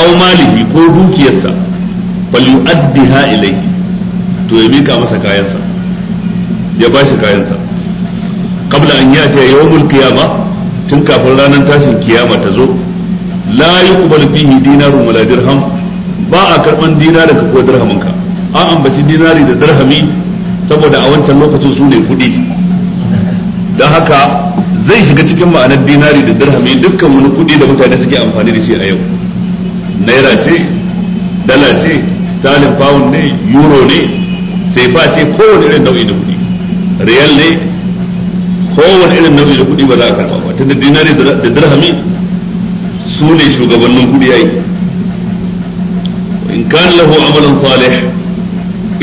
aw malihi ko dukiyarsa bal yu'addiha ilayhi to ya mika masa kayansa ya bashi kayansa kabla an yati yawmul qiyamah tun kafin ranar tashin kiyama ta zo la yuqbalu fihi dinarun wala dirham ba a karban dinari ka ko dirhamin an ambaci dinari da dirhami saboda a wancan lokacin su ne kuɗi don haka zai shiga cikin ma'anar dinari da dirhami dukkan wani kuɗi da mutane suke amfani da shi a yau naira ce dala ce stalin pound ne euro ne sai ba ce kowane irin nau'i da kuɗi riyal ne kowane irin nau'i da kuɗi ba za a karɓa ba tunda dinari da dirhami su ne shugabannin kuɗi yi. in kan lahu amalan salih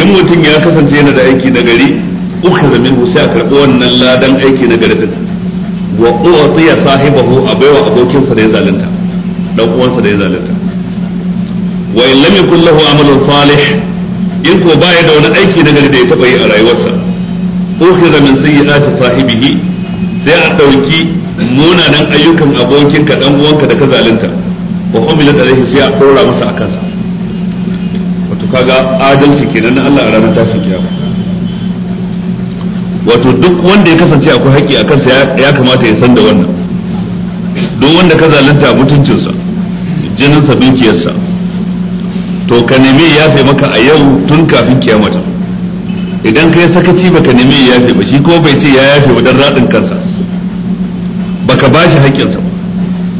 in mutum ya kasance yana da aiki na gari ukhra minhu sai a karɓi wannan ladan aiki na gari din wa ya sahibahu a baiwa abokinsa da ya zalunta dan uwansa da ya zalunta wa in lam yakul lahu amalan salih in ko baya da wani aiki na gari da ya taba yi a rayuwarsa ukhra min sayyi'ati sahibihi sai a dauki munanan ayyukan abokinka dan uwanka da ka zalunta wa humilat alaihi sai a kora masa akansa kaga adalci kenan na Allah a ranar tashin kiyama wato duk wanda ya kasance akwai haƙƙi a kansa ya kamata ya san da wannan duk wanda ka zalunta mutuncinsa jininsa dukiyarsa to ka nemi ya fi maka a yau tun kafin kiyamata idan ka yi sakaci ka nemi ya fi ba shi ko bai ce ya yafe ba dan raɗin kansa baka ba shi haƙƙinsa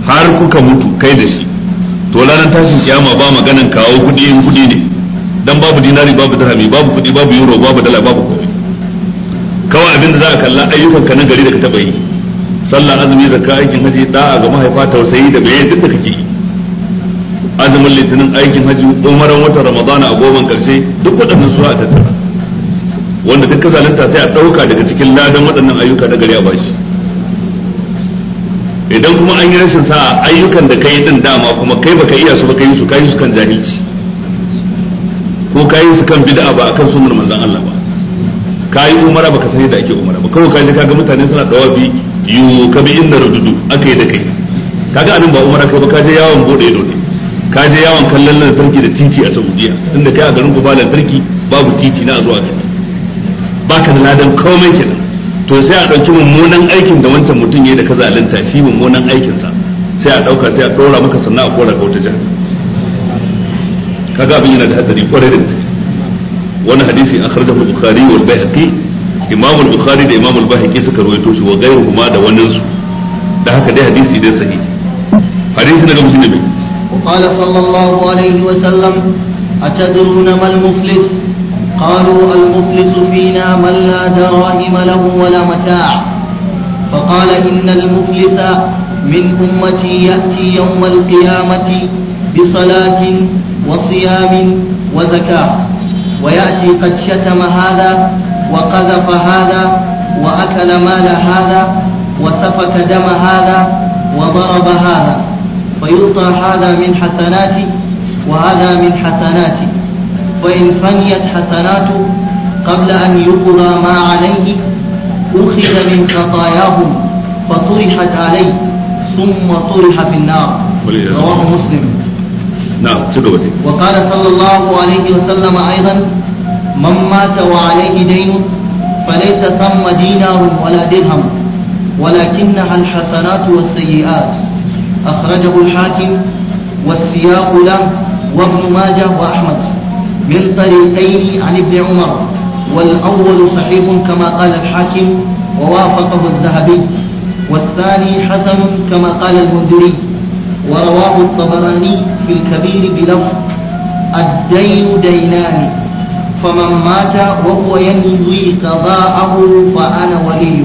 har kuka mutu kai da shi to ranar tashin kiyama ba maganan kawo kuɗi in kuɗi ne dan babu dinari babu dirhami babu kudi babu euro babu dala babu komai kawai abin da za a kalla ayyukan ka na gari da ka taba yi sallah azumi zakka aikin haji da'a ga mahaifa tausayi da bayan duk da kake yi azumin litinin aikin haji umaran watan ramadana a goman karshe duk waɗannan su a tattara wanda duk kazalinta sai a ɗauka daga cikin ladan waɗannan ayyuka na gari a bashi idan kuma an yi rashin sa'a ayyukan da kai din dama kuma kai baka iya su ka yi su kai su kan jahilci ko ka yi su kan bid'a ba akan sunnar manzon Allah ba ka yi umara baka sani da ake umara ba kawai ka je kaga mutane suna dawabi yu ka bi inda rududu akai da kai kaga anan ba umara kai ba ka je yawon bude ido ne ka je yawon kallon lantarki da titi a Saudiya inda kai a garin ku ba lantarki babu titi na zuwa ka ba ka da ladan komai kenan to sai a dauki mummunan aikin da wancan mutum yayi da ka zalunta shi mummunan aikin sa sai a dauka sai a dora maka sannan a kora ka wata jihar kaga abin yana da hadari kwarai da hadisi akhrajahu al-bukhari wal bayhaqi imam al-bukhari da imam al-bayhaqi suka rawaito shi wa ghayruhuma da wannan su da haka dai hadisi dai sahihi hadisi daga muslim ne وقال صلى الله عليه وسلم أتدرون ما المفلس قالوا المفلس فينا من لا دراهم له ولا متاع فقال إن المفلس من أمتي يأتي يوم القيامة بصلاة وصيام وزكاة ويأتي قد شتم هذا وقذف هذا وأكل مال هذا وسفك دم هذا وضرب هذا فيعطى هذا من حسناتي وهذا من حسناتي فإن فنيت حسناته قبل أن يقضى ما عليه أخذ من خطاياهم فطرحت عليه ثم طرح في النار رواه مسلم نعم تقول وقال صلى الله عليه وسلم أيضا من مات وعليه دين فليس ثم دينار ولا درهم ولكنها الحسنات والسيئات أخرجه الحاكم والسياق له وابن ماجه وأحمد من طريقين عن ابن عمر والأول صحيح كما قال الحاكم ووافقه الذهبي والثاني حسن كما قال المنذري ورواه الطبراني في الكبير بلفظ الدين دينان فمن مات وهو ينوي قضاءه فأنا وليه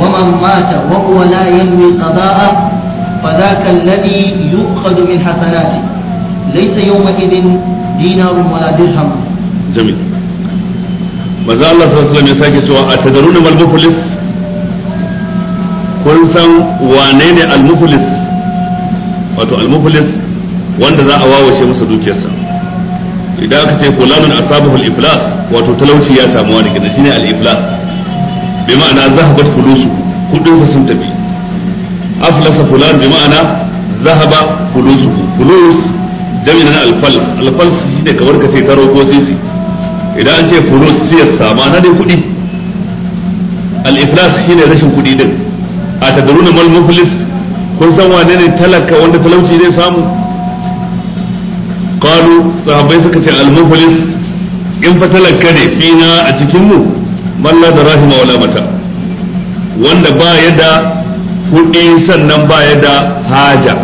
ومن مات وهو لا ينوي قضاءه فذاك الذي يؤخذ من حسناته ليس يومئذ دينار ولا درهم جميل maza Allah sallallahu alaihi wasallam ya sake cewa atadaruna mal muflis kun san wane ne al muflis wato al-muflis wanda za a wawashe masa dukiyarsa idan aka ce fulanun asabahu al-iflas wato talauci ya samu wani kenan shine al-iflas bi ma'ana zahabat fulusu kudinsa sun tafi aflasa fulan bi ma'ana zahaba fulusu fulus jami'in al-fals al-fals shine kamar ka ce taro ko sisi idan an ce fulus sama na dai kudi al-iflas shine rashin kudi din a tadaruna mal muflis kun san wane ne talaka wanda talauci zai samu qalu sahabbai suka ce al-muflis in fa talaka ne fina a cikin mu man la darahima wala mata wanda ba ya da kuɗi sannan ba ya da haja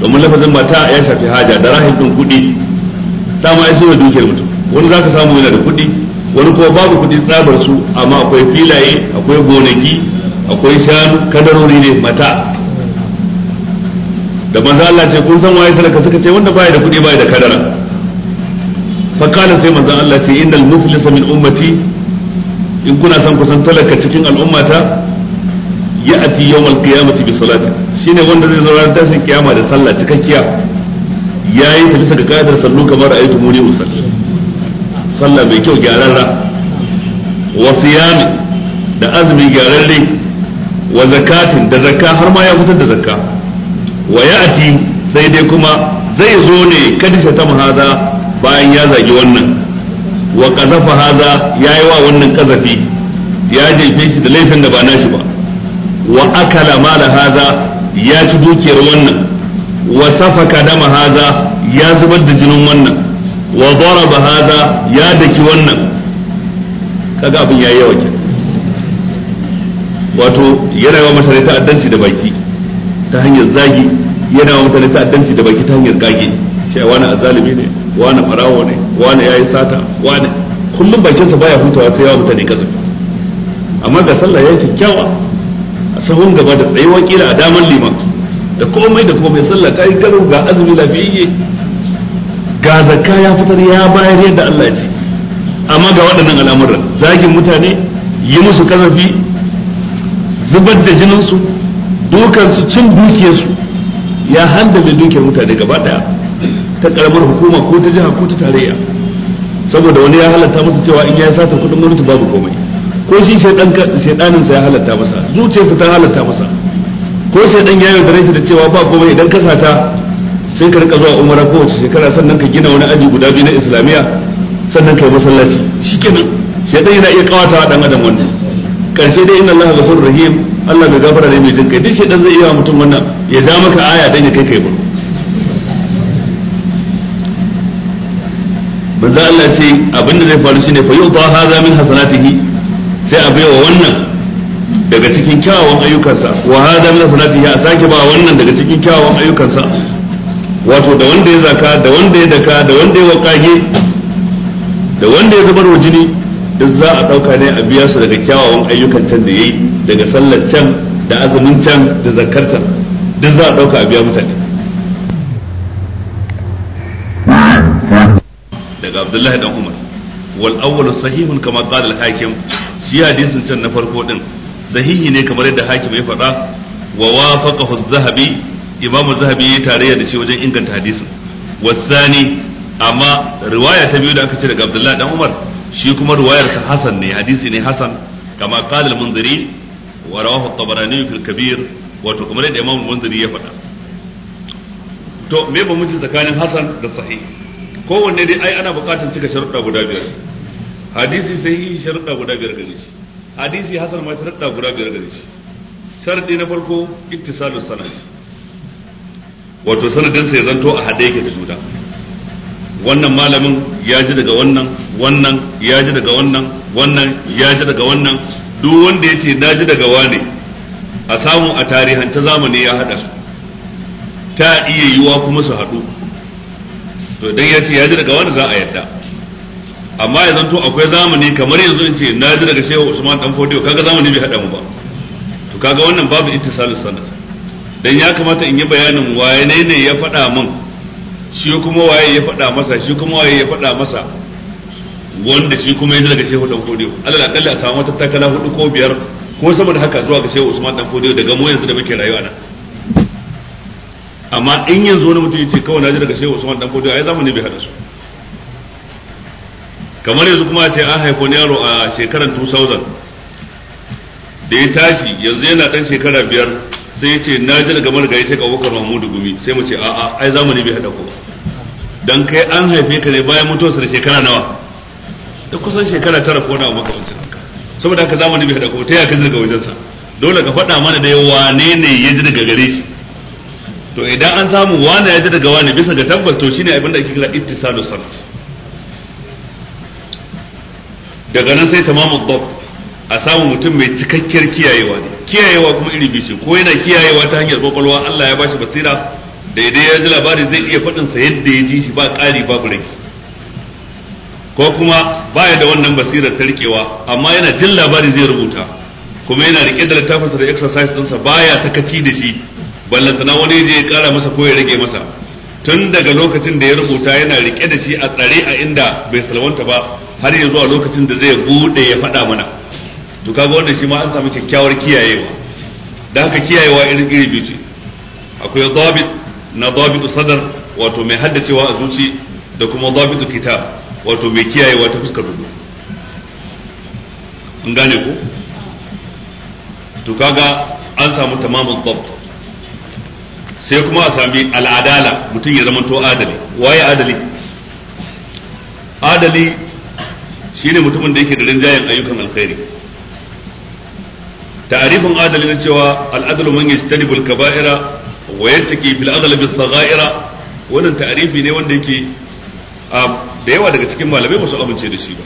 domin lafazin mata ya shafi haja da rahim din kuɗi ma ya shi dukiyar mutum wani zaka samu yana da kuɗi wani kuma babu kuɗi tsabar su amma akwai filaye akwai gonaki akwai shanu kadarori ne mata da manzo Allah ce kun san waye talaka suka ce wanda baya da kuɗi baya da kadara fa kana sai manzo Allah ce innal muflisa min ummati in kuna san kusan talaka cikin al'ummata ya'ati yawmal qiyamati bi salati shine wanda zai zo ran tashin kiyama da sallah cikakkiya yayi ta bisa ga kadar sallu kamar ayatu muni usalli sallah mai kyau gyararra wa siyami da azumi gyararre wa zakatin da zakka har ma ya fitar da zakka wa sai dai kuma zai zo ne kadisha ta haza bayan ya zagi wannan wa kazafa haza yayi wa wannan kazafi ya jefe shi da laifin da ba nashi ba wa akala mala haza ya ci dukiyar wannan wa safaka dama haza ya zubar da jinin wannan wa daraba haza ya daki wannan kaga abin yayi yawa ke wato yana yawa ta ta'addanci da baki ta hanyar zagi yana wa mutane ta'addanci da baki ta hanyar gage cewa wani azalimi ne wani farawo ne wani yayi sata wani kullum bakinsa baya hutawa sai yawa mutane kaza amma ga sallah yayi kyakkyawa a sahun gaba da tsayuwar kila a daman liman da komai da komai sallah ta yi karo ga azumi lafiyayye ga zakka ya fitar ya bayar yadda Allah ce amma ga waɗannan al'amuran zagin mutane yi musu kazafi zubar da jininsu dukansu cin dukiyarsu ya handame dukiyar mutane gaba daya ta karamar hukuma ko ta jiha ko ta tarayya saboda wani ya halatta masa cewa in ya sata kudin gwamnati babu komai ko shi shaidanin sa ya halatta masa zuciyarsa ta halatta masa ko shaidan ya yaudare shi da cewa ba komai idan ka sata sai ka rika zuwa umara kowace shekara sannan ka gina wani aji guda biyu na islamiyya sannan ka yi masallaci shikenan shaidan yana iya kawata dan adam wannan karshe dai inna allaha ghafurur rahim Allah mai gafara ne mai jin kai duk shaidan zai iya mutum wannan ya ja maka aya dan ya kai kai ba manzo Allah ce abinda zai faru shine fa ta hadha min hasanatihi sai a baiwa wannan daga cikin kyawawan ayyukansa wa hadha min hasanatihi a sake ba wannan daga cikin kyawawan ayyukansa wato da wanda ya zaka da wanda ya daka da wanda ya wakage da wanda ya zubar wa jini duk za a ɗauka ne a biya su daga kyawawan ayyukan can da ya yi daga sallar can da azumin can da zakar can duk za a ɗauka a biya mutane daga abdullahi dan umar wal awwal sahihun kama qala al hakim shi hadisin can na farko din sahihi ne kamar yadda hakim ya faɗa wa wafaqahu az-zahabi imamu zahabi ya tarayya da shi wajen inganta hadisin wasani amma riwaya ta biyu da aka ce daga abdullahi dan umar shi kuma ruwayar sa hasan ne hadisi ne hasan kama qala al-munziri wa rawahu at-tabarani fil kabir wato kuma da imam al-munziri ya faɗa to me ba mutunci tsakanin hasan da sahih wanne dai ai ana buƙatar cika sharuɗa guda biyar hadisi sahihi sharuɗa guda biyar gare shi hadisi hasan ma sharuɗa guda biyar gare shi sharadi na farko ittisalu sanad wato sanadin sai zanto a hade yake da juna wannan malamin ya ji daga wannan wannan ya ji daga wannan wannan ya ji daga wannan duk wanda ya ce na ji daga wane a samu a tarihan ta zamani ya haɗa su ta iya yiwa kuma su haɗu to dan ya ce ya ji daga wane za a yadda amma ya zanto akwai zamani kamar yanzu in ce na ji daga shehu usman dan fodiyo kaga zamani bai haɗa mu ba to kaga wannan babu ittisalus sanad dan ya kamata in yi bayanin waye ne ne ya faɗa min shi kuma waye ya faɗa masa shi kuma waye ya faɗa masa wanda shi kuma yanzu daga shehu dan fodiyo alal akalla a samu takala hudu ko biyar ko sama da haka zuwa ga shehu usman dan fodiyo daga mu yanzu da muke rayuwa nan amma in yanzu wani mutum yace kawai naji daga shehu usman dan fodiyo ai zamani bai hada su kamar yanzu kuma a ce an haifo yaro a shekarar 2000 da ya tashi yanzu yana dan shekara biyar sai ya ce na ji daga marigayi sai ka abubakar da gumi sai mu ce a'a ai zamani bai hada ko ba dan kai an haife ka ne bayan mutuwarsa da shekara nawa da kusan shekara tara ko na makamancin saboda haka zamani bai hada ko ta yaka daga wajensa dole ka faɗa mana da wane ne ya ji daga gare shi to idan an samu wane ya ji daga wane bisa ga tabbas to shine abin da ake kira ittisalu sanad daga nan sai tamamu dab a samu mutum mai cikakkiyar kiyayewa ne kiyayewa kuma iri bishi ko yana kiyayewa ta hanyar kwakwalwa Allah ya bashi basira daidai ya ji labari zai iya faɗin sa yadda ya ji shi ba ƙari ku rage ko kuma baya da wannan basirar ta riƙewa amma yana jin labari zai rubuta kuma yana riƙe da littafinsa da exercise sa baya sakaci da shi ballantana wani je ya ƙara masa ko ya rage masa tun daga lokacin da ya rubuta yana riƙe da shi a tsare a inda bai salwanta ba har ya zuwa lokacin da zai buɗe ya faɗa mana to kaga wannan shi ma an samu kyakkyawar kiyayewa da haka kiyayewa irin iri biyu ce akwai dabit na dabitu sadar wato mai haddacewa a zuci da kuma dabitu kitab wato mai kiyaye ta fuskar rubu an gane ku. to kaga an samu tamamin dabt sai kuma a sami al'adala mutum ya zama to adali waye adali adali shine mutumin da yake da rinjayen ayyukan alkhairi ta'arifin adali na cewa al'adalu man yajtanibul kaba'ira wa yattaki fil adl wannan ta'rifi ne wanda yake da yawa daga cikin malamai ba su amince da shi ba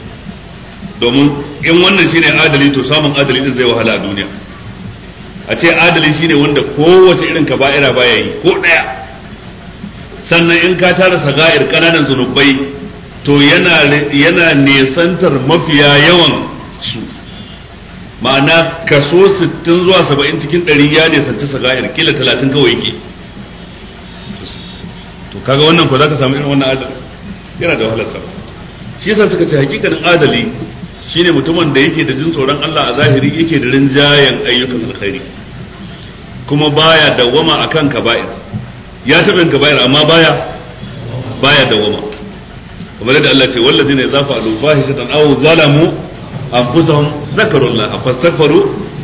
domin in wannan shine adali to samun adali din zai wahala a duniya a ce adali shine wanda kowace irin kaba'ira baya yi ko daya sannan in ka tara saga'ir kananan zunubai to yana yana nesantar mafiya yawan su ma'ana kaso 60 zuwa 70 cikin 100 ya ne sanci sagair kila 30 kawai yake to kaga wannan ko zaka samu irin wannan adali yana da wahalar sa shi yasa suka ce hakikanin adali shine mutumin da yake da jin tsoron Allah a zahiri yake da rinjayen ayyukan alkhairi kuma baya dawwama akan kaba'ir ya taɓa kaba'ir amma baya baya dawwama kamar da Allah ce wallazina yazafu alu fahishatan aw zalamu anfusahum zakarullah fastaghfaru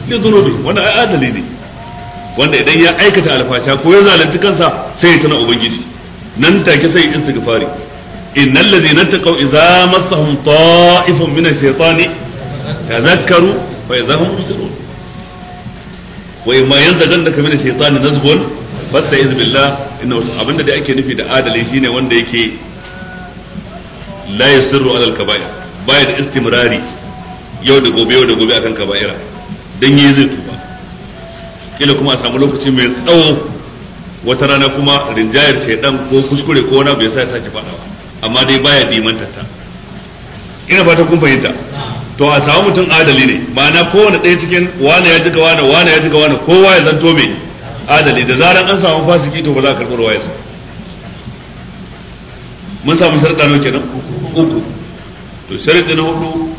li dhunubihim wannan ai adali ne wanda idan ya aikata alfasha ko ya zalunci kansa sai ya tana ubangiji nan take sai istighfari innal ladhina taqaw idza massahum ta'ifun min ash-shaytani tadhakkaru fa idza hum mubsirun wa imma yanzaghannaka min ash-shaytani nazghun fasta'iz billah inna abinda da ake nufi da adali shine wanda yake la yusirru alal kaba'ir baya da istimrari yau da gobe yau da gobe akan kaba'ira dan yi zai tuba kila kuma a samu lokaci mai tsawo wata rana kuma rinjayar shaidan ko kuskure ko wani bai sa ya sake faɗawa amma dai baya dimanta ta ina fata kun fahimta to a samu mutum adali ne ma'ana kowane ɗaya cikin wane ya jiga wane wane ya jiga wane kowa ya zanto mai adali da zaran an samu fasiki to ba za a karɓar sa mun samu sharaɗa nawa kenan uku to sharaɗi na hudu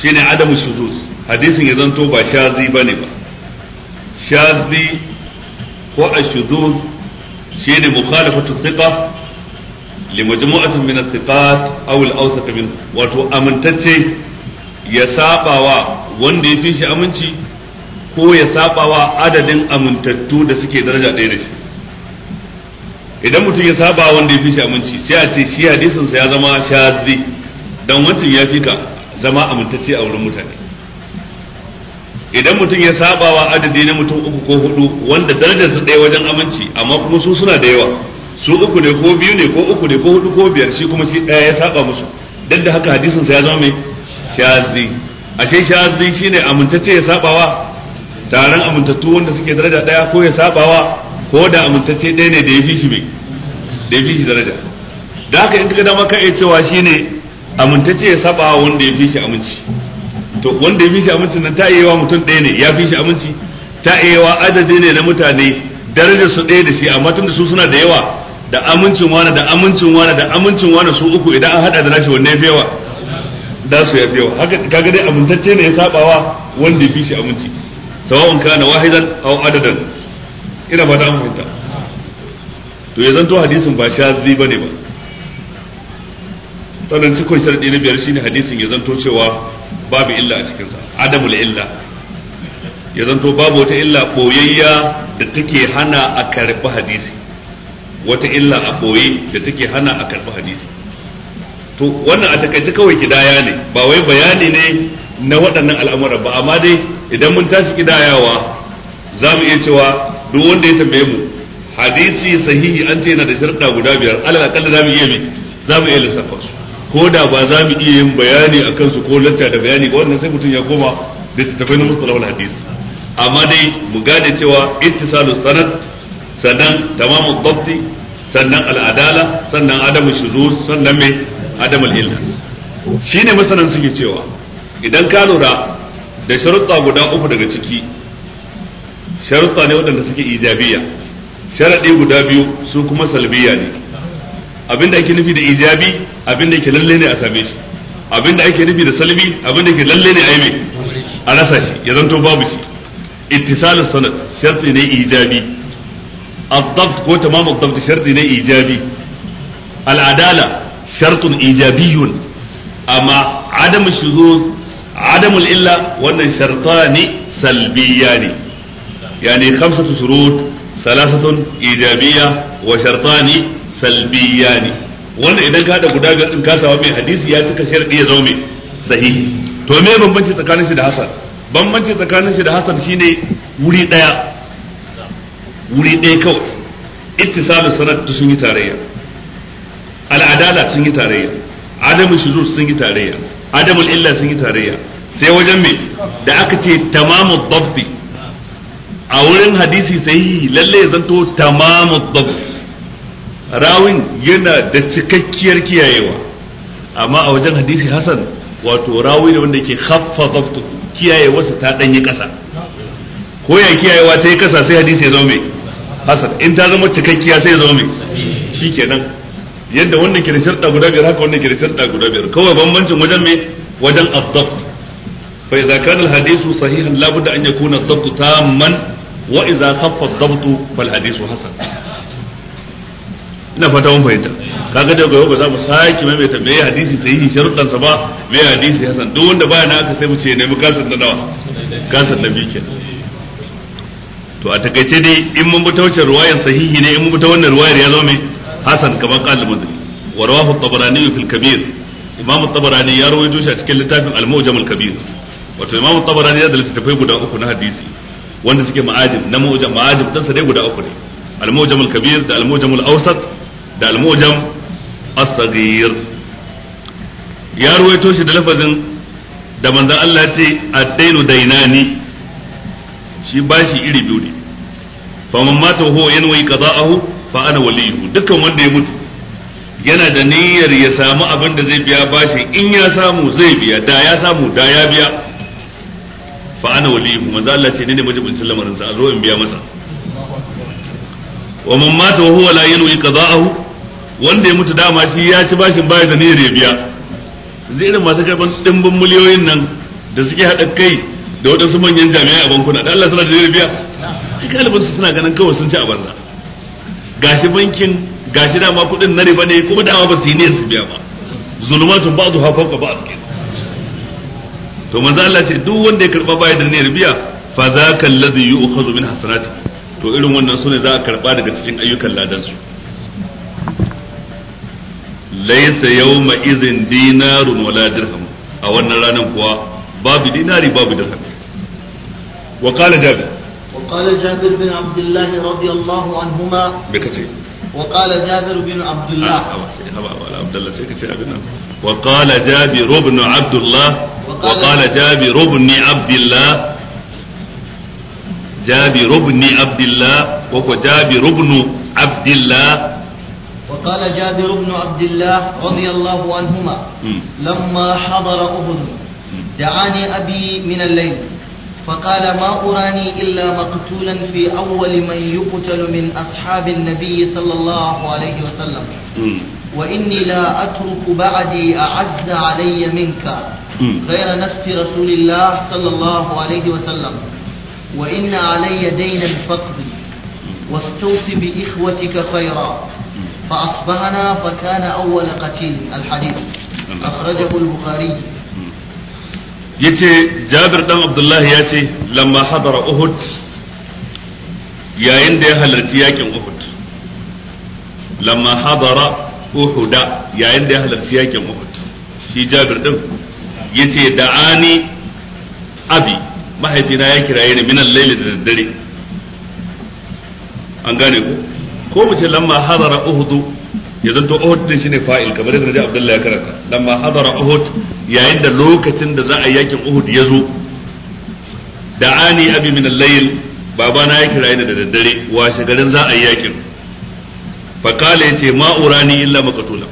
shine adamu shuzuz hadisin ya zanto ba shazi bane ba shazi ko a shi shine mukhalifatu thiqa li majmu'atin min athiqat aw al-awsat min wato amintacce ya sabawa wanda ya fi shi aminci ko ya sabawa adadin amintattu da suke daraja ɗaya da shi idan mutum ya saba wanda ya fi shi aminci sai a ce shi hadisinsa ya zama shazi dan wancan ya fi ka zama amintacce a wurin mutane idan mutum ya saba wa adadi na mutum uku ko hudu wanda darajarsa ɗaya wajen aminci amma kuma su suna da yawa su uku ne ko biyu ne ko uku ne ko hudu ko biyar shi kuma shi ɗaya ya saba musu duk da haka hadisin sa ya zama mai shazi ashe shazi shine amintacce ya wa taron amintattu wanda suke daraja ɗaya ko ya wa ko da amintacce ɗaya ne da ya fi shi mai da ya fi shi daraja da haka in kaga dama ka iya cewa shine amintacce ya saba wanda ya fi shi aminci to wanda ya fi shi aminci nan ta iya yawa mutum ɗaya ne ya fi shi aminci ta iya yawa adadi ne na mutane darajar su ɗaya da shi amma tunda su suna da yawa da amincin wani da amincin wani da amincin wani su uku idan an hada da nashi wanne ya fi yawa da su ya fi yawa haka kaga dai amintacce ne ya saba wa wanda ya fi shi aminci sawa'un kana wahidan aw adadan ina fata an fahimta to ya zanto hadisin ba shazi bane ba sannan cikon sharadi na biyar shine hadisin ya zanto cewa babu illa a cikinsa adamul illa ya zanto babu wata illa boyayya da take hana a karɓi hadisi wata illa a boye da take hana a karɓi hadisi to wannan a takaice kawai kidaya ne ba wai bayani ne na waɗannan al'amuran ba amma dai idan mun tashi kidayawa za mu iya cewa duk wanda ya tambaye mu hadisi sahihi an ce yana da sharɗa guda biyar alal aƙalla za mu iya me za mu iya lissafa su ko da ba za mu iya yin bayani a kansu ko lacca da bayani ba wannan sai mutum ya koma da tafai na mustalahul hadis amma dai mu gane cewa ittisalu sanad sannan tamamu dabti sannan al'adala sannan adamu shuzur sannan mai adamul Shi ne masanan suke cewa idan ka lura da sharuɗa guda uku daga ciki sharuɗa ne waɗanda suke ijabiya sharaɗi guda biyu su kuma salbiya ne abinda ake nufi da ijabi abinda yake lalle ne a same shi abinda ake nufi da salbi abinda yake lalle ne a yi a rasa shi ya zanto babu shi ittisalu sanad sharti ne ijabi الضبط ko تمام الضبط sharti ne ijabi العداله شرط ايجابي اما عدم الشذوذ عدم الا وان شرطان سلبيان يعني خمسه شروط ثلاثه ايجابيه وشرطان Salbiya salbiyani wanda idan ka da guda biyar din ka samu mai hadisi ya cika sharadi ya zama mai sahihi to me bambanci tsakanin shi da hasan bambanci tsakanin shi da hasan shine wuri daya wuri daya kawai ittisalu sanad sun yi tarayya Al-adala sun yi tarayya adamu shuzur sun yi tarayya adamu illa sun yi tarayya sai wajen me da aka ce tamamu dabbi a wurin hadisi sahihi lalle ya zanto tamamu dabbi rawin yana da cikakkiyar kiyayewa amma a wajen hadisi hasan wato rawi ne wanda ke kiyaye kiyayewarsa ta danyi ƙasa ko ya kiyayewa ta yi ƙasa sai hadisi ya zo mai hasan in ta zama cikakkiya sai ya zo mai shi kenan yadda wannan ke da guda biyar haka wannan ke da guda biyar kawai bambancin wajen mai wajen abdaf fa idza kana alhadisu sahihan budda an yakuna ad tamman wa idza khaffa ad fal hadisu hasan ina fata mun fahimta kaga da gobe ba za mu sake mai tambaye hadisi sahihi sharuɗan sa ba mai hadisi hasan duk wanda baya na aka sai mu ce ne mu kasar da nawa kasar da biki. to a takaice dai in mun bi ruwayan sahihi ne in mun bi wannan ruwayar ya zo mai hasan kamar qala mudri wa rawahu at-tabarani al kabir imam at-tabarani ya rawaito shi a cikin littafin al-mu'jam al-kabir wato imam at-tabarani ya da littafai guda uku na hadisi wanda suke ma'ajib na mu'jam ma'ajib dan sa dai guda uku ne al-mu'jam al-kabir da al-mu'jam al-awsat da al-mujam ya ruwaito shi da lafazin da manzon Allah ya ce ad-dainu dainani shi bashi iri biyu ne fa man mata ho yanwai qada'ahu fa ana waliyuhu dukkan wanda ya mutu yana da niyyar ya samu abin da zai biya bashi in ya samu zai biya da ya samu da ya biya fa ana waliyuhu manzo Allah ce ne ne majibincin lamarin sa a zo in biya masa wa man mata huwa la yanwi qada'ahu wanda ya mutu dama shi ya ci bashin baya da niyyar ya biya zai irin masu karɓar ɗimbin miliyoyin nan da suke haɗa kai da waɗansu manyan jami'ai a bankuna da Allah suna da niyyar biya ai galibin albansu suna ganin kawai sun ci a banza gashi bankin gashi dama kuɗin na riba ne kuma dama ba su yi niyyar su biya ba zulumatun ba'du ha fawqa ba'd to manzo Allah ce duk wanda ya karɓa baya da niyyar biya fa zaka alladhi yu'khadhu min hasanati to irin wannan sune za a karɓa daga cikin ayyukan ladansu. su ليس yawma idhin dinarun wala dirham a wannan ranar kuwa babu dinari babu dirham wa qala وقال جابر بن عبد الله رضي الله عنهما بكثير وقال جابر بن عبد الله آه، عبد الله وقال جابر بن عبد الله وقال جابر بن عبد الله جابر بن عبد الله وهو جابر بن عبد الله وقال جابر بن عبد الله رضي الله عنهما لما حضر أحد دعاني أبي من الليل فقال ما أراني إلا مقتولا في أول من يقتل من أصحاب النبي صلى الله عليه وسلم وإني لا أترك بعدي أعز علي منك غير نفس رسول الله صلى الله عليه وسلم وإن علي دينا فاقضي واستوصي بإخوتك خيرا فأصبحنا فكان أول قتيل الحديث أخرجه البخاري yace jabir dan abdullahi ya ce lamma hadara uhud yayin da ya halarci yakin uhud lamma hadara uhuda yayin da ya halarci yakin uhud shi jabir din yace da'ani abi mahaifina ya kiraye ni minan laili da daddare an gane ku ko mu ce lamma hadara uhud ya zanto uhud din shine fa'il kamar yadda Raja Abdullahi ya karanta lamma hadara uhud yayin da lokacin da za a yakin uhud ya zo da'ani abi min al-layl baba na ya kira ni da daddare washe garin za a yi yakin fa kale yace ma urani illa maqtula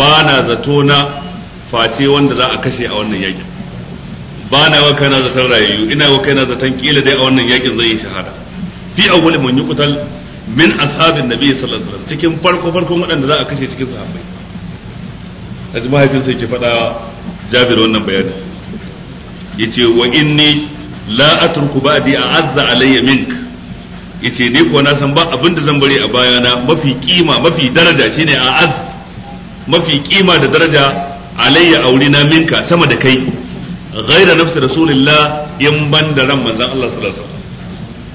Bana zato na face wanda za a kashe a wannan yakin ba na wa kaina zaton rayu. ina wa kaina zaton kila dai a wannan yakin zai yi shahada fi awwal man yuqtal min ashabin nabi sallallahu alaihi wasallam cikin farko farkon waɗanda za a kashe cikin sahabbai a ji mahaifinsa yake faɗa jabir wannan bayanin yace wa inni la atruku ba'di a'azza alayya mink yace ni ko na san ba abin da zan bari a bayana mafi kima mafi daraja shine a'az mafi kima da daraja alayya aurina minka sama da kai ghaira nafsi rasulillah yan ban da ran manzon Allah sallallahu alaihi wasallam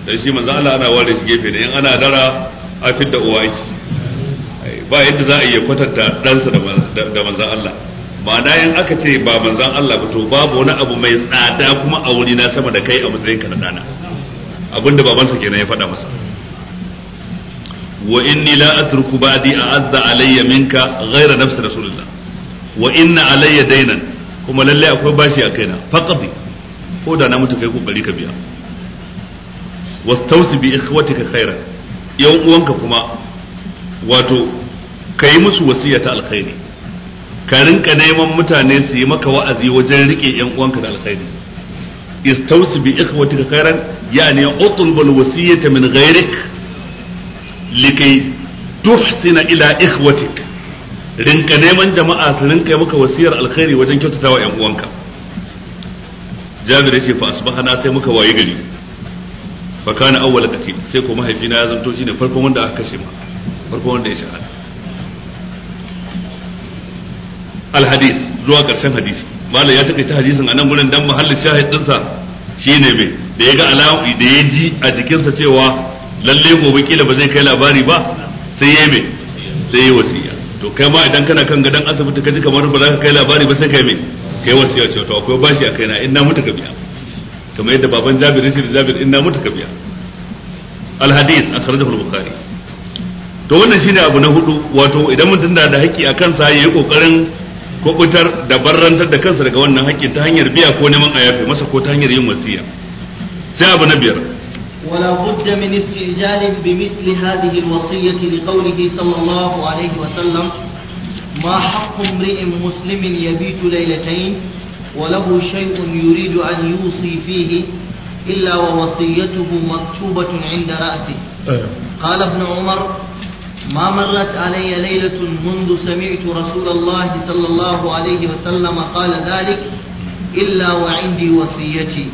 dan shi manzo Allah ana ware shi gefe da in ana dara a fidda uwa aiki ba yadda za a iya kwatanta ɗansa da manzan Allah ma'ana in aka ce ba manzan Allah ba to babu wani abu mai tsada kuma a wuri na sama da kai a matsayin ka na dana. abinda babansa kenan ya faɗa masa wa inni la atruku ba'di a'azza alayya minka ghayra nafsi rasulullah wa inna alayya daynan kuma lalle akwai bashi a kaina faqadi ko da na mutu kai kokari ka biya wastausi bi ikhwatika khairan yan uwanka kuma wato kai musu wasiya ta alkhairi ka rinka neman mutane su yi maka wa'azi wajen rike yan uwanka da alkhairi istausi bi ikhwatika khairan yani utlubul wasiyata min ghairik likai tuhsina ila ikhwatik rinka neman jama'a su rinka maka wasiyar alkhairi wajen kyautatawa yan uwanka jabir yace fa asbahana sai muka wayi gari fa kana awwal qatil sai ko mahaifina ya zanto shine farkon wanda aka kashe ma farkon wanda ya shahada al hadith zuwa karshen hadisi malam ya take ta hadisin anan gurin dan mahallin shahid dinsa shine me da ya ga alawi da ya ji a jikinsa cewa lalle gobe kila ba zai kai labari ba sai ya me sai ya wasiya to kai ma idan kana kan gadan asibiti ka ji kamar ba za ka kai labari ba sai kai me kai wasiya ce to akwai bashi a kaina in na mutu ka biya kamar yadda baban Jabir yace da Jabir inna mutaka biya to wannan shine abu na hudu wato idan mutum na da haƙƙi a kansa yayi kokarin kubutar da barrantar da kansa daga wannan haƙƙi ta hanyar biya ko neman a yafe masa ko ta hanyar yin wasiya sai abu na biyar ولا بد من استئجال بمثل هذه الوصية لقوله صلى الله عليه وسلم ما حق امرئ مسلم يبيت ليلتين وله شيء يريد أن يوصي فيه إلا ووصيته مكتوبة عند رأسه قال ابن عمر ما مرت علي ليلة منذ سمعت رسول الله صلى الله عليه وسلم قال ذلك إلا وعندي وصيتي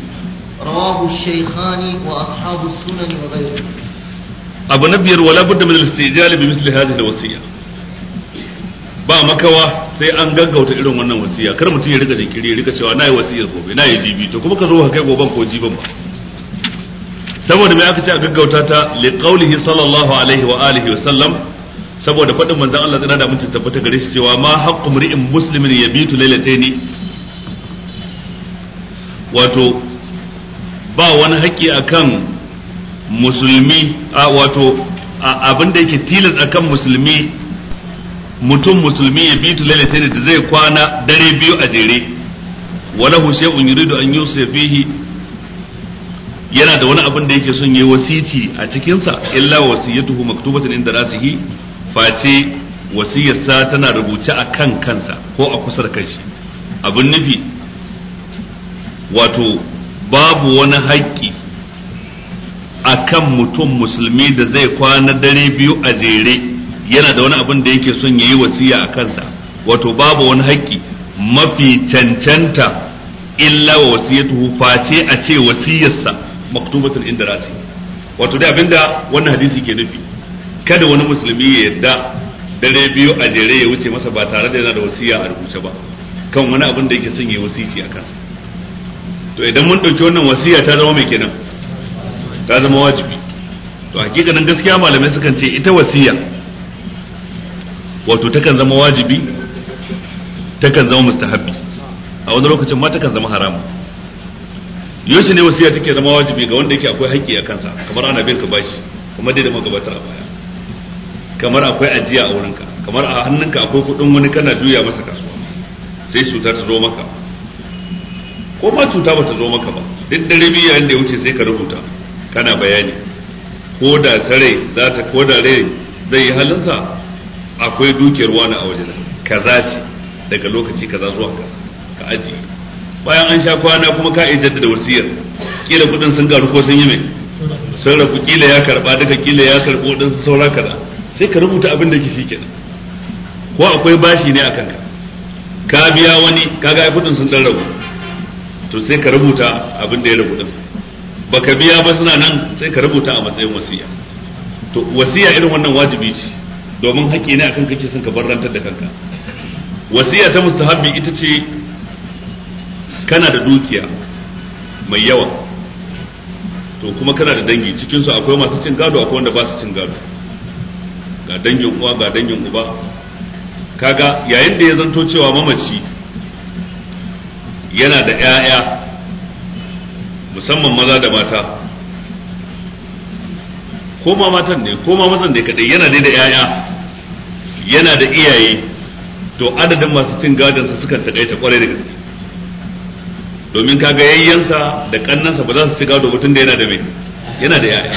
رواه الشيخان وأصحاب السنن وغيرهم أبو نبير ولا بد من الاستجابة بمثل هذه الوصية ba makawa sai an gaggauta irin wannan wasiya kar mutum ya rika jinkiri ya rika cewa na yi wasiyar gobe na yi jibi to kuma ka zo ka kai goben ko jiban ba saboda mai aka ce a gaggauta ta li qaulihi sallallahu alaihi wa alihi wa sallam saboda faɗin manzon Allah tsina da mun tabbata gare shi cewa ma haqqu mri'in muslimin yabitu lailataini wato ba wani haƙƙi akan musulmi a wato abin da yake tilas akan musulmi mutum musulmi ya bitu lailatain da zai kwana dare biyu a jere walahu shay'un yuridu an yusa fihi yana da wani abin da yake son yayi wasici a cikin sa illa wasiyatuhu maktubatan inda rasihi face wasiyarsa tana rubuce a kan kansa ko a kusar da kanshi abin nufi wato babu wani haƙƙi akan mutum musulmi da zai kwana dare biyu a jere yana da wani abin da yake son yayi wasiya a kansa wato babu wani haƙƙi mafi cancanta illa wa wasiyatuhu face a ce wasiyarsa maktubatul inda rasi wato da abinda wannan hadisi ke nufi kada wani musulmi ya yarda dare biyu a jere ya wuce masa ba tare da yana da wasiya a rubuce ba kan wani abin da yake son ya wasici a kansa to idan mun ɗauki wannan wasiya ta zama mai kenan ta zama wajibi to hakikanin gaskiya malamai sukan ce ita wasiya wato takan zama wajibi takan zama mustahabbi a wani lokacin ma takan zama haramu yoshi ne wasiya take zama wajibi ga wanda yake akwai haƙƙi a kansa kamar ana bin ka bashi kamar dai da magabatar a baya kamar akwai ajiya a wurinka kamar a hannunka akwai kuɗin wani kana juya masa kasuwa sai cuta ta zo maka ko ma cuta ba ta zo maka ba duk dare biyu yayin da ya wuce sai ka rubuta kana bayani ko da tare za ta ko da rai zai yi halinsa akwai dukiyar wani a wajena kaza ce daga lokaci kaza zuwa ka aji bayan an sha kwana kuma ka iya jaddada wasiyar kila kudin sun karu ko sun yi mai sun rafu kila ya karba daga kila ya karbo waɗansu saura kaza sai ka rubuta abin da ke shi kenan ko akwai bashi ne a kanka ka biya wani kaga ai kudin sun dan ragu to sai ka rubuta abin da ya ragu Ba baka biya ba suna nan sai ka rubuta a matsayin wasiya to wasiya irin wannan wajibi ce domin haƙƙi ne akan kake son ka barrantar da kanka wasiya ta mustahabbi ita ce kana da dukiya mai yawa to kuma kana da dangi cikin su akwai masu cin gado akwai wanda ba su cin gado ga dangin uwa ga dangin uba kaga yayin da ya zanto cewa mamaci yana da 'ya'ya musamman maza da mata ko ma matan ne ko ma mazan ne kadai yana dai da 'ya'ya yana da iyaye to adadin masu cin gadonsa sukan taƙaita kwarai da gaske domin kaga yayyansa da kannansa ba za su ci gado mutum da yana da mai yana da yaya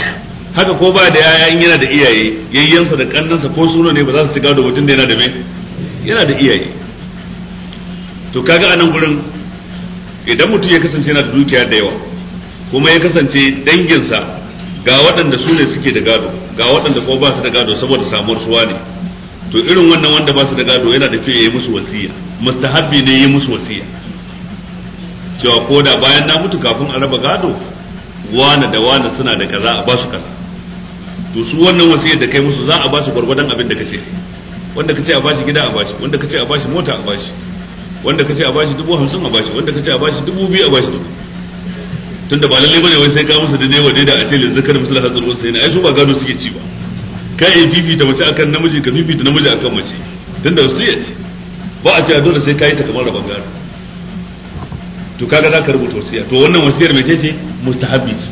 haka ko ba da yaya in yana da iyaye yayyansa da kannansa ko suno ne ba za su ci gado mutum da yana da mai yana da iyaye to kaga anan gurin idan mutum ya kasance yana da dukiya da yawa kuma ya kasance danginsa ga waɗanda su ne suke da gado ga waɗanda ko ba su da gado saboda samuwar suwa ne to irin wannan wanda ba su da gado yana da fiye ya yi musu wasiya mustahabbi ne yi musu wasiya cewa ko da bayan na mutu kafin a raba gado wane da wane suna da kaza a ba su kaza to su wannan wasiyar da kai musu za a ba su gwargwadon abin da kace wanda kace a ba shi gida a ba shi wanda kace a ba shi mota a ba shi wanda kace a ba shi dubu hamsin a ba shi wanda kace a ba shi dubu biyu a ba shi dubu tunda ba lalle bane wai sai ka musu da dai wa da a ce linzakar musu da hatsarin sai yana ai su ba gado suke ci ba ka yi fifita mace akan namiji ka fifita namiji akan mace tun da su yace ba a ce a dole sai ka yi ta kamar da bangare to kaga za ka rubuta wasiya to wannan wasiyar mai ce mustahabi ce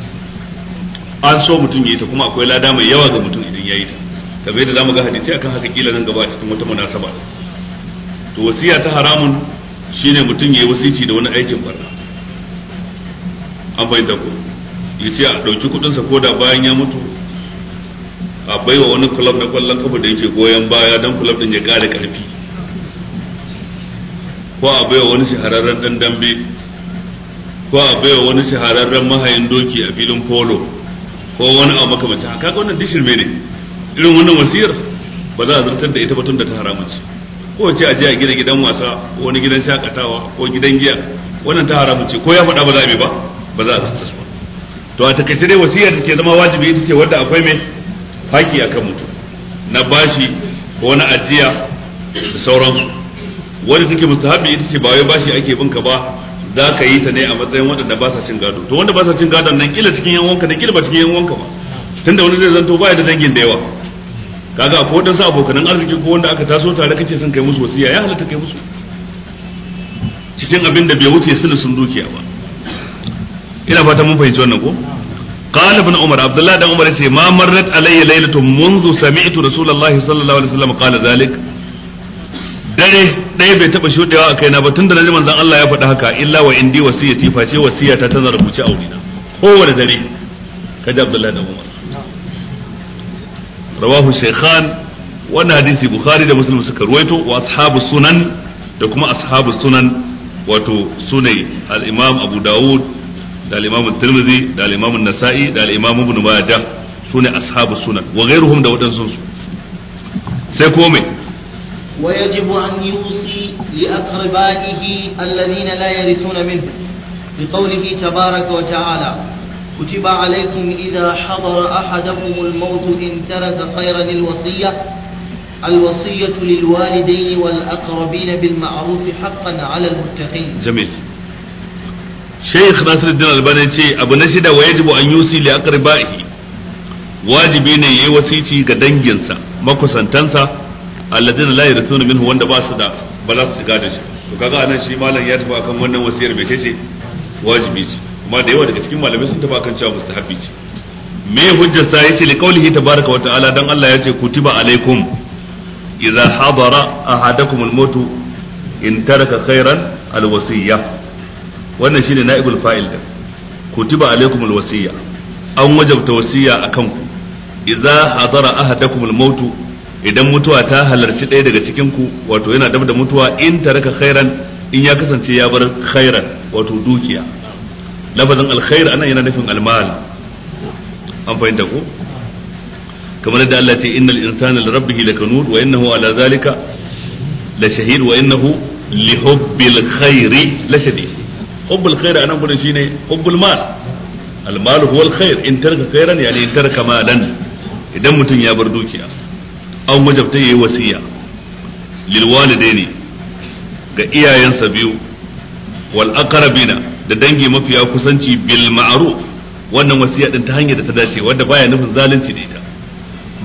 an so mutum ya yi ta kuma akwai lada mai yawa ga mutum idan ya yi ta kamar yadda zamu ga hadisi akan haka kila nan gaba a cikin wata munasaba to wasiya ta haramun shine mutum ya yi wasici da wani aikin barna an fahimta ko yace a dauki kudin sa koda bayan ya mutu a baiwa wani kulab na kwallon kafa da yake goyon baya don kulab din ya kare karfi ko a baiwa wani shahararren dan dambe ko a baiwa wani shahararren mahayin doki a filin polo ko wani abu makamacin haka wannan dishin ne irin wannan wasiyar ba za a zartar da ita ba tun da ta harama ce ko ce a je a gina gidan wasa ko wani gidan shakatawa ko gidan giya wannan ta haramu ce ko ya faɗa ba za a yi ba ba za a zartar ba to a takaice dai wasiyar da ke zama wajibi ita ce wadda akwai mai haƙi akan mutum na bashi ko na ajiya da sauransu wanda take mustahabi ita ce ba wai bashi ake bin ka ba za ka yi ta ne a matsayin waɗanda ba sa cin gado to wanda ba sa cin gadon nan kila cikin yan wanka da kila ba cikin yan wanka ba tunda wani zai zanto ya da dangin da yawa kaga ko akwai sa abokanan arziki ko wanda aka taso tare kace sun kai musu wasiya ya halatta kai musu cikin abin da bai wuce sulusun dukiya ba ina fata mun fahimci wannan ko قال ابن عمر عبد الله بن عمر يسي ما مرت علي ليلة منذ سمعت رسول الله صلى الله عليه وسلم قال ذلك dare ɗaya bai taɓa shuɗewa a kaina ba tun da naji manzon Allah ya faɗi haka illa wa indi wasiyati face wasiyata tana rubuce a wurina kowane dare kaji Abdullahi da Umar rawahu shaykhan wannan hadisi Bukhari da Muslim suka ruwaito wa ashabu sunan da kuma ashabu sunan wato sunai al-Imam Abu Dawud da al-imam tirmidhi da al-imam nasai da al-imam ibn majah sune ashabu sunan wa ghayruhum da wadansu sai ko me wa yajibu an yusi li aqrabaihi alladhina la yarithuna minhu bi qawlihi tabaaraka wa ta'ala كتب عليكم إذا حضر أحدكم الموت إن ترك خيرا الوصية الوصية للوالدين والأقربين بالمعروف حقا على المتقين جميل shaykh nasiruddin albani ce abu na shida wa yajibu an yusi li aqribaihi wajibi ne yayi wasici ga danginsa makusantansa alladina la yarithuna minhu wanda ba su da ba za su shiga da shi to kaga anan shi malam ya tafi akan wannan wasiyar bai ce wajibi ce amma da yawa daga cikin malamai sun tafi akan cewa mustahabi ce me hujjar sa yace li qawlihi tabaraka wa ta'ala dan Allah ya ce kutiba alaikum idza hadara ahadakum al in taraka khairan al wannan shine naibul fa'il din kutiba alaikumul wasiyya an wajabta wasiyya akan ku idza hadara ahadakumul idan mutuwa ta halarci ɗaya daga cikin ku wato yana dab da mutuwa in taraka khairan in ya kasance ya bar khairan wato dukiya lafazin alkhair anan yana nufin almal an fahimta ko kamar da Allah ce innal insana lirabbihi rabbih lakanud wa innahu ala zalika la shahid wa innahu li hubbil khairi la shadid hubbul khair anan gurin shine hubbul mal al mal huwa al khair in tarka khairan yani in tarka malan idan mutum ya bar dukiya an majabta yayi wasiya lil walidaini ga iyayensa biyu wal aqrabina da dangi mafiya kusanci bil ma'ruf wannan wasiya din ta hanyar da ta dace wanda baya nufin zalunci da ita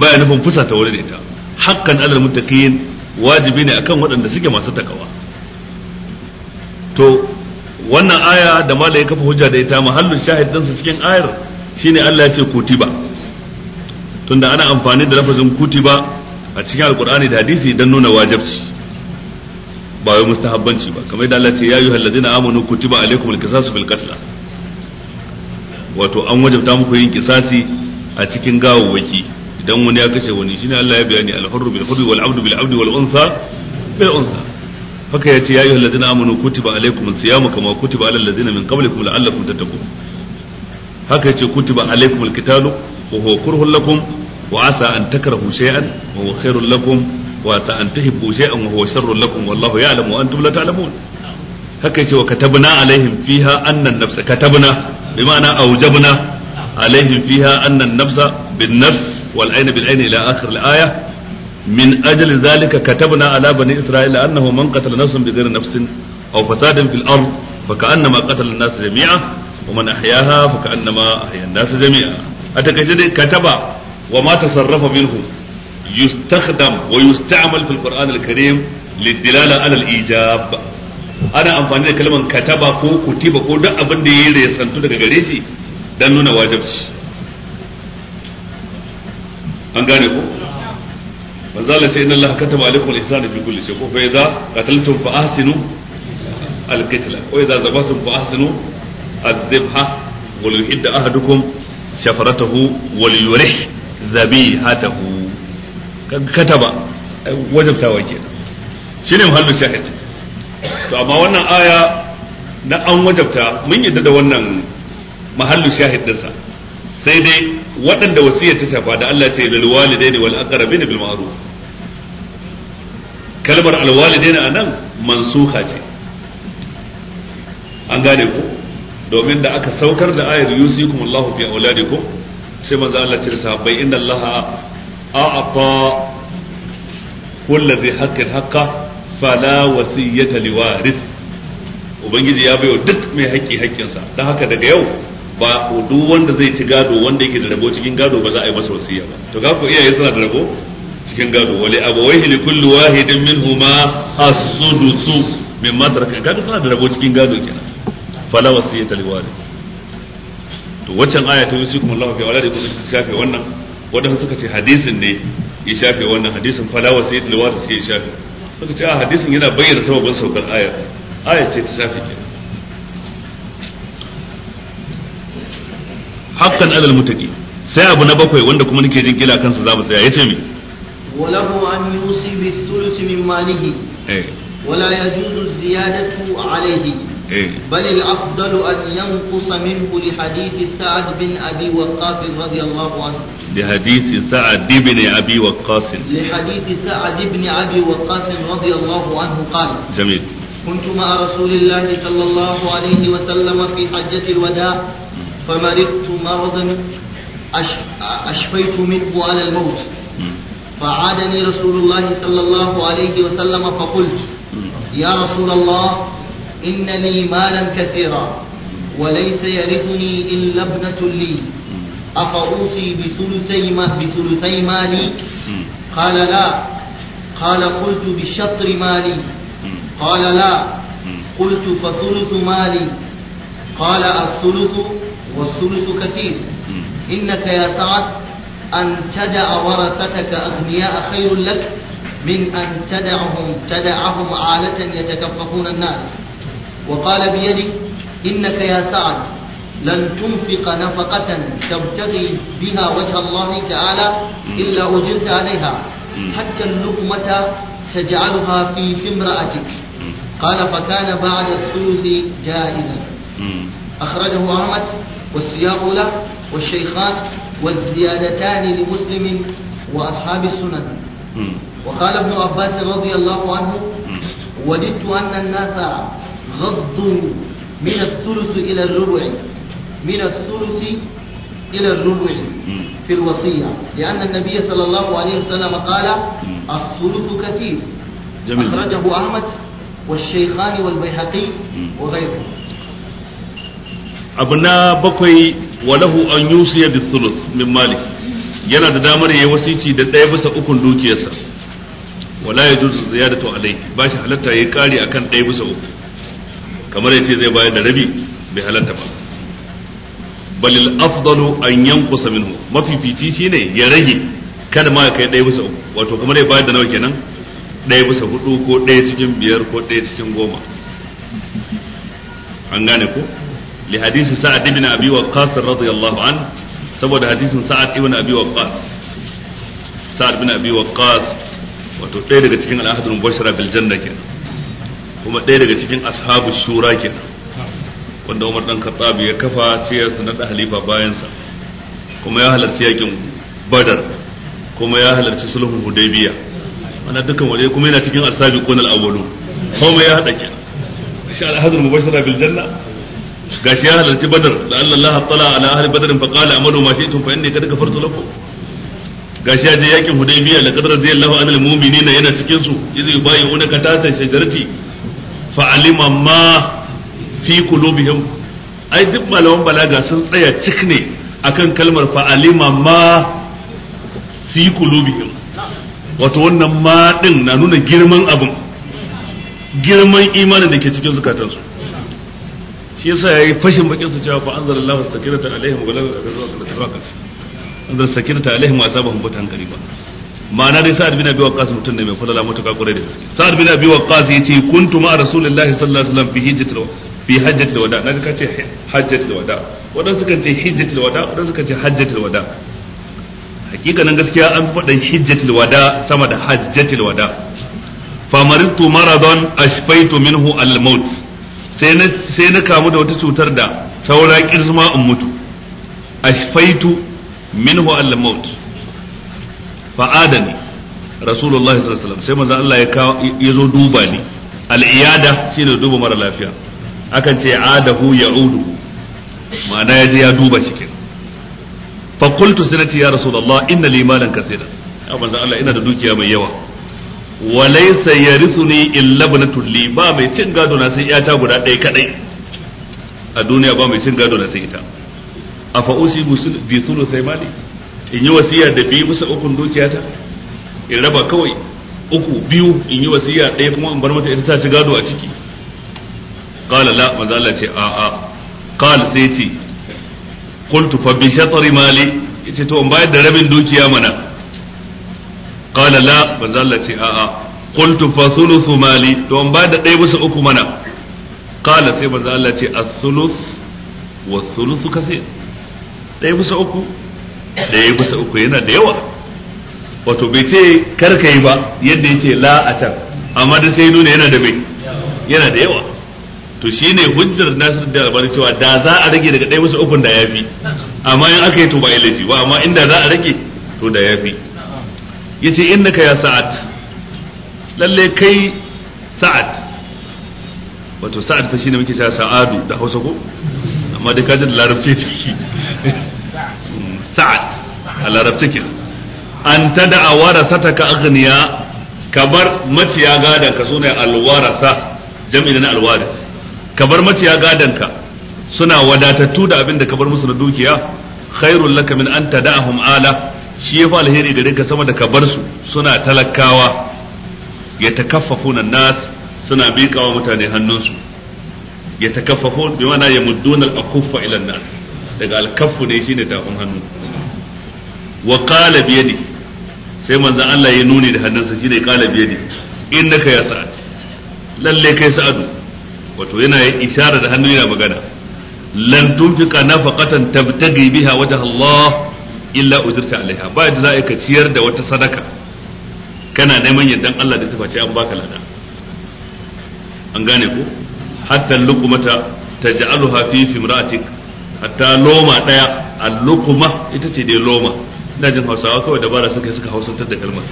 baya nufin fusa ta wurin ita hakkan alal muttaqin wajibi ne akan waɗanda suke masu takawa to wannan aya da mala ya kafa hujja da ita mahallin shahid ɗinsa cikin ayar shine Allah ya ce kutiba tunda ana amfani da lafazin kutiba a cikin alkur'ani da hadisi don nuna wajabci ba wai mustahabbanci ba kamar da Allah ce ya yi ladina amanu kutiba alaikum alqisasu bil qatl wato an wajabta muku yin kisasi a cikin gawawwaki idan wani ya kashe wani shine Allah ya bayani al-hurru bil hurri wal 'abdu bil 'abdi wal unsa bil unsa haka ya ce ya yi ayyuhal ladina amanu kutiba alaikum siyamu kama kutiba alal ladina min qablikum la'allakum tattaqun haka ya ce kutiba alaikum alqitalu wa huwa kurhun lakum wa asa an takrahu shay'an wa huwa khairul lakum wa asa an tuhibbu shay'an wa huwa sharrul lakum wallahu ya'lamu wa antum la ta'lamun haka ya ce wa katabna alaihim fiha anna an-nafsa katabna bima'ana awjabna alaihim fiha anna an-nafsa bin-nafs wal ayna bil ayni ila akhir al-ayah min ajali zalika kataba ala bani isra'ila annahu man qatala nafsan bighayri nafsin aw fasadin fil ard fa ka'annama qatala an-nas jami'a wa man ahyaha fa ka'annama ahya an-nas jami'a a takaice dai kataba wa ma tasarrafa minhu yustakhdam wa yusta'mal fil qur'an al-karim lidilala ala al-ijab ana amfani da kalmar kataba ko kutiba ko duk abin da yayi daga gareshi. shi nuna an gane manzo Allah sai inna Allah kataba alaikum al-ihsana fi kulli shay ko fa idza qataltum fa ahsinu al-qitla wa idza zabatum fa ahsinu adh-dhabha wa liyuhidda ahadukum shafaratahu wa liyurih zabihatahu kataba wajabtawa kenan shine muhallu shahid to amma wannan aya na an wajabta mun yadda da wannan mahallu shahid dinsa sai dai waɗanda wasiyar ta shafa da Allah ce lil walidaini wal aqrabin bil ma'ruf kalmar al walidaina anan mansuha ce an gane ku domin da aka saukar da ayar yusikum Allahu fi auladikum sai manzo Allah ce sahabbai inna Allah a'ata kullu dhi haqqin haqqa fala wasiyata liwarith ubangiji ya bayo duk mai haƙƙi haƙƙinsa don haka daga yau ba duk wanda zai ci gado wanda yake da rabo cikin gado ba za a yi masa wasiya ba to ga ko iyaye suna da rabo cikin gado wali abawaihi li kulli wahidin minhuma as-sudusu mimma taraka kaga suna da rabo cikin gado kenan fala wasiyata li warith to waccan aya ta yusikum Allahu fi auladikum ta shafe wannan wadanda suka ce hadisin ne ya shafe wannan hadisin fala wasiyata li warith sai ya shafe suka ce a hadisin yana bayyana sababin saukar aya aya ce ta shafe kenan haqqan alal mutaqi sai abu na bakwai wanda kuma nake jin kila kansa za mu tsaya yace me walahu an yusi bi thuluth min malihi ولا يجوز الزيادة عليه بل الأفضل أن ينقص منه لحديث سعد بن أبي وقاص رضي الله عنه لحديث سعد بن أبي وقاص لحديث سعد بن أبي وقاص رضي الله عنه قال جميل كنت مع رسول الله صلى الله عليه وسلم في حجة الوداع فمرضت مرضا أشفيت منه على الموت فعادني رسول الله صلى الله عليه وسلم فقلت يا رسول الله إن لي مالا كثيرا وليس يرثني إلا ابنة لي أفأوصي بثلثي ما بثلثي مالي قال لا قال قلت بشطر مالي قال لا قلت فثلث مالي قال الثلث والثلث كثير إنك يا سعد أن تدع ورثتك أغنياء خير لك من أن تدعهم تدعهم عالة يتكففون الناس وقال بيده إنك يا سعد لن تنفق نفقة تبتغي بها وجه الله تعالى إلا أجرت عليها حتى اللقمة تجعلها في في امرأتك قال فكان بعد الثلث جائزا أخرجه أحمد والسياق له والشيخان والزيادتان لمسلم وأصحاب السنن وقال ابن عباس رضي الله عنه وددت أن الناس غضوا من الثلث إلى الربع من الثلث إلى الربع في الوصية لأن النبي صلى الله عليه وسلم قال الثلث كثير جميل. أخرجه أحمد والشيخان والبيهقي وغيره abu na bakwai walahu an yusiya bi thuluth min mali yana da damar yayi wasici da ɗaya bisa ukun dukiyarsa wala ya yajuzu ziyadatu alai ba shi halatta yayi kari akan ɗaya bisa uku kamar yace zai bayar da rabi bai halatta ba balil afdalu an yanqusa minhu mafifici shine ya rage kada ma kai ɗaya bisa uku wato kamar ya bayar da nawa kenan ɗaya bisa hudu ko ɗaya cikin biyar ko ɗaya cikin goma an gane ko li hadisi sa'ad ibn abi waqqas radiyallahu an saboda hadisin sa'ad ibn abi waqqas sa'ad ibn abi waqqas daga cikin mubashara bil janna kuma daga cikin shura wanda Umar dan Khattab ya kafa ce ya sanar da halifa bayansa kuma ya halarci yakin Badar kuma ya halarci Hudaybiya ana kuma yana cikin kunal awwalu kuma gashi ya halarci badar da Allah Allah tala ala ahli badar fa qala amalu ma shi'tum fa inni kad kafartu lakum gashi ya je yakin hudaybiya la zai Allah anil mu'minina yana cikin su bayi yubayyi'una ka ta shajarati fa alima ma fi qulubihim ai duk malaman balaga sun tsaya cik ne akan kalmar fa alima ma fi qulubihim wato wannan ma din na nuna girman abin girman imanin da ke cikin zukatansu shi yasa yayi fashin bakin sa cewa fa anzalallahu alaihim wa lam zuwa karshe anzal alaihim wa asabahum fatan qariba ma'ana dai sa'ad bin abi waqqas ne mai mutaka da gaske sa'ad bin abi waqqas yace kuntu ma rasulullahi sallallahu alaihi wasallam fi hijjatil fi hajjatil wada naga ka ce hajjatil wada wadan suka ce hijjatil wada wadan suka ce hajjatil wada hakikanin gaskiya an faɗin hijjatil wada sama da hajjatil wada famaritu maradon ashfaitu minhu al-maut sai na kamu da wata cutar da saura kirzma in mutu ashfaitu minhu al maut fa rasulullahi sallallahu alaihi wasallam sai manzo Allah ya zo duba ni al iyada shine duba mara lafiya akan ce adahu ya'udu ma'ana ya je ya duba shi kenan fa qultu sai ya rasulullah inna li malan kathira manzo Allah ina da dukiya mai yawa wa laysa yarithuni illa ibnatul tulli ba mai cin gado na sai iyata guda ɗaya kadai a duniya ba mai cin gado na sai ita afa usi bi sai mali in yi wasiya da biyu bisa ukun ta? in raba kawai uku biyu in yi wasiya ɗaya kuma in bar mata ita ta ci gado a ciki qala la manzo Allah ce a a qala sai ce qultu fa bi shatri mali yace to in bayar da rabin dukiya mana qala la manzo Allah ce a'a qultu fa thuluthu mali to an ba da ɗaya bisa uku mana qala sai manzo Allah ce as-thuluth wa thuluthu kathir ɗaya bisa uku ɗaya bisa uku yana da yawa wato bai ce karka yi ba yadda ya ce la a can amma da sai nuna yana da mai yana da yawa to shi ne hujjar Nasir da Albani cewa da za a rage daga ɗaya bisa ukun da ya fi amma in aka yi to ba laifi ba amma inda za a rage to da ya fi. yace innaka ya sa'ad lalle kai sa'ad wato sa'ad fa shine muke cewa sa'adu da Hausa ko amma dai kaji da larabci take sa'ad a larabci ke an tada'a warasataka aghniya kabar maciya gadan ka sune alwarasa jami'in na alwaris kabar maciya gadan ka suna wadatattu da abin da kabar musu na dukiya khairul laka min an tada'ahum ala shi ya fa alheri gare ka sama da ka bar su suna talakawa ya takaffafuna nas suna miƙawa mutane hannunsu ya takaffafun bi mana ya mudduna al-akuffa ila nas daga al-kaffu ne shine tafin hannu wa qala bi yadi sai manzon Allah ya nuni da hannunsa shine qala bi yadi innaka ya sa'ad lalle kai sa'adu wato yana isharar da hannu yana magana lan tunfiqa nafaqatan tabtagi biha wajh Allah illa ujirta alaiha ba yadda za a ka ciyar da wata sadaka kana neman yadda Allah da tafaci an baka lada an gane ku hatta luqmata taj'aluha fi fimratik hatta loma daya al-luqma ita ce dai loma ina jin Hausawa kawai dabara suka suka hausantar da kalmar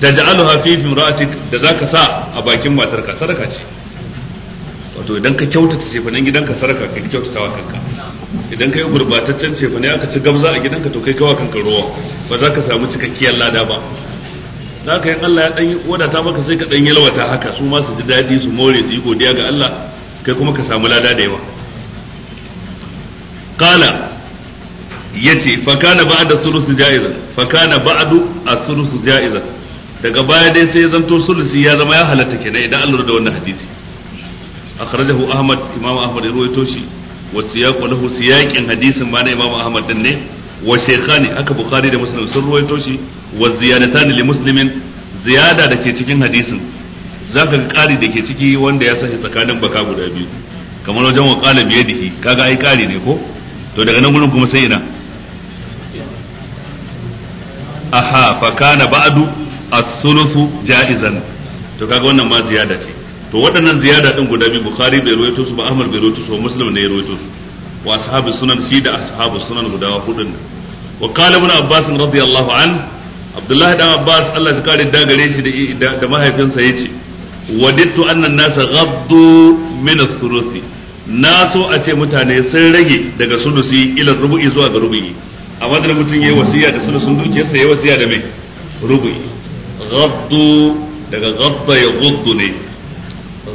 taj'aluha fi fimratik da zaka sa a bakin matarka sadaka ce wato idan ka kyautata cefanen gidanka saraka ka kyautata wa kanka idan ka yi gurbataccen cefane aka ci gabza a gidanka to kai kawa kanka ruwa ba za ka samu cikakkiyar lada ba za ka yi Allah ya dan wadata maka sai ka dan lawata haka su ma su ji daɗi su more su yi godiya ga Allah kai kuma ka samu lada da yawa ya ce fa kana ba'da sulusu ja'iza fa kana a sulusu ja'iza daga baya dai sai ya zanto sulusi ya zama ya halatta kenan idan an lura da wannan hadisi akhrajahu ahmad imam ahmad ya ruwaito shi wa siyaqu lahu siyaqin hadisin ma na imam ahmad din ne wa shaykhani haka bukhari da muslim sun ruwaito shi wa ziyadatan li muslimin ziyada da ke cikin hadisin zaka ga kari da ke ciki wanda ya sashi tsakanin baka guda biyu kamar wajen wa qala biyadihi kaga ai kari ne ko to daga nan gurin kuma sai ina aha fa kana ba'du as-sulusu ja'izan to kaga wannan ma ziyada ce to waɗannan ziyada din guda biyu bukhari bai rawaito su ba ahmad bai rawaito su ba muslim ne ya rawaito su wa ashabu sunan shi da ashabu sunan guda hudun wa qala ibn abbas radiyallahu an abdullah dan abbas Allah ya kare da shi da mahaifinsa yace wadittu anna an-nasa ghaddu min ath-thuluthi na so a ce mutane sun rage daga sulusi ila rubu'i zuwa ga rubu'i a madar mutum yayi wasiya da sulusun dukiyarsa yayi wasiya da mai rubu'i ghaddu daga ghadda ya ghaddu ne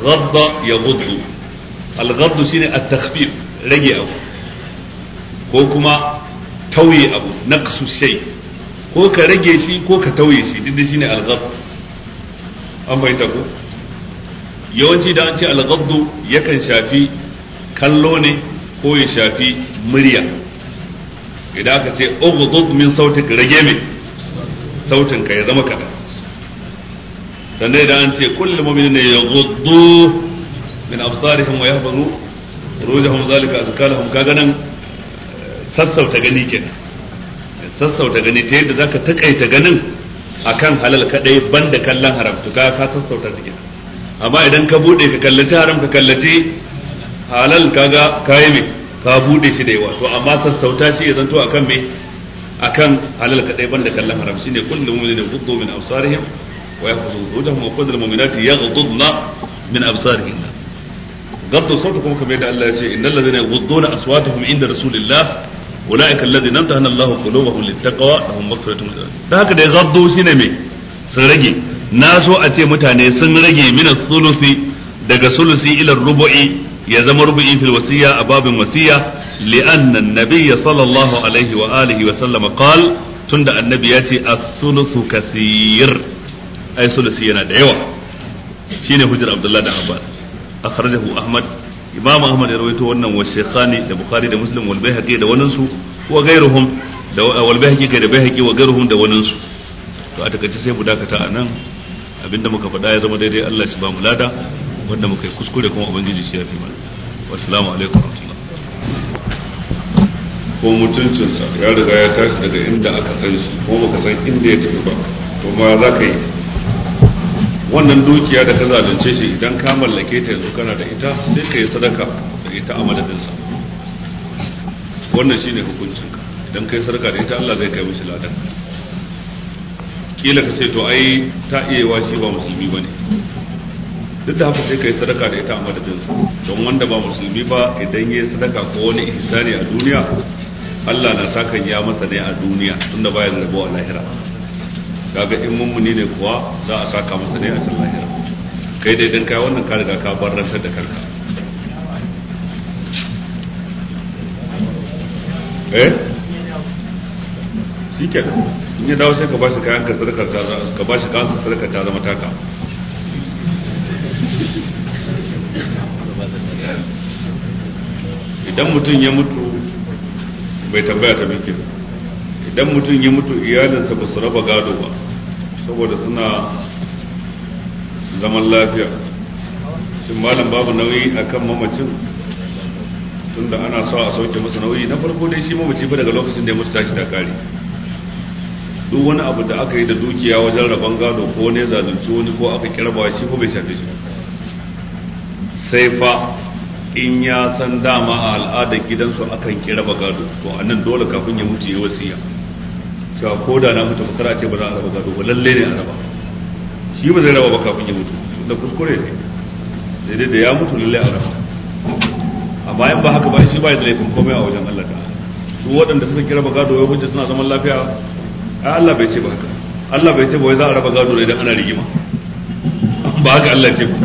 ghabba ya gudu al-ghabdu shine at-takhfif rage abu ko kuma tauye abu naqsu shay ko ka rage shi ko ka tauye shi an ko yawanci da an ce al yakan shafi kallo ne ko ya shafi murya idan aka ce ughdud min sautin rage mai sautin ka ya zama kaɗan sannan idan an ce kullum mu'minin ne ya gudu min absarihim wa yahfazu rujuhum zalika azkalahum kaga nan eh, sassauta gani kenan sassauta gani ta yadda zaka takaita ganin akan halal kadai banda kallon haram to ka ka sassauta su kenan amma idan ka bude ka kallaci haram ka kallaci halal kaga kai me ka bude shi da yawa to amma sassauta shi ya zanto akan me akan halal kadai banda kallon haram shine kullum mu'minin ne gudu min absarihim ويحفظوا فروجهم وقل المؤمنات يغضضن من أبصارهن غضوا صوتكم كما يدعى الله شيء إن الذين يغضون أصواتهم عند رسول الله أولئك الذين امتحن الله قلوبهم للتقوى لهم مغفرة da haka da ya gaddo shine me sun rage na so a ce mutane sun rage mina sulusi daga sulusi ila rubu'i ya zama rubu'i fil wasiya a babin wasiya li'anna an-nabiy sallallahu alaihi wa wa tunda annabi ya ce a sulusu kaseer ai sulusi yana da yawa shine hujjar abdullahi da abbas akhrajahu ahmad imam ahmad ya rawaito wannan wa shaykhani da bukhari da muslim wal bayhaqi da wannan su wa ghairuhum da wal bayhaqi kai da bayhaqi wa ghairuhum da wannan su to a takaice sai mu dakata anan abinda muka faɗa ya zama daidai Allah shi ba mu lada wanda muka yi kuskure kuma ubangiji shi ya fi mana wassalamu alaikum ko mutuncinsa ya riga ya tashi daga inda aka san shi ko baka san inda ya tafi ba to ma za ka yi wannan dukiya da ka zalunce shi idan ka mallake ta yanzu kana da ita sai ka yi sadaka da ita a madadinsa wannan shi ne hukuncinka idan ka yi sadaka da ita Allah zai kai mishi ladan kila ka ce to ai ta iya wa shi ba musulmi ba ne duk da haka sai ka yi sadaka da ita a madadinsa don wanda ba musulmi ba idan ya yi sadaka ko wani ihsani a duniya Allah na sakan ya masa ne a duniya tunda bayan da rabo a lahira kaga in mummuni ne kuwa za a saka masa ne a can lahira kai dai dan kai wannan ka riga ka bar rantar da kanka eh shi kenan in ya dawo sai ka bashi kayan ka sadakar ta ka bashi kayan ka sadakar ta zama taka idan mutum ya mutu bai tambaya ta bikin idan mutum ya mutu iyalinsa ba su raba gado ba saboda suna zaman lafiya shin malam babu nauyi a kan mamacin tunda ana sa a sauke masa nauyi na farko dai shi mamaci ba daga lokacin da ya mutu tashi ta duk wani abu da aka yi da dukiya wajen rabon gado ko ne zalunci wani ko aka kirba shi ko bai shafi shi sai fa in ya san dama a al'adar gidansu akan kiraba gado to annan dole kafin ya mutu ya wasiya cewa ko da na mutu bakar a ce ba za a raba gado ba lalle ne a raba shi ba zai raba ba kafin ya mutu da kuskure ne daidai da ya mutu lalle a raba amma in ba haka ba shi ba da laifin komai a wajen Allah ta'ala su waɗanda suka kira ba gado ya mutu suna zaman lafiya ai Allah bai ce ba haka Allah bai ce ba wai za a raba gado ne idan ana rigima ba haka Allah ce ba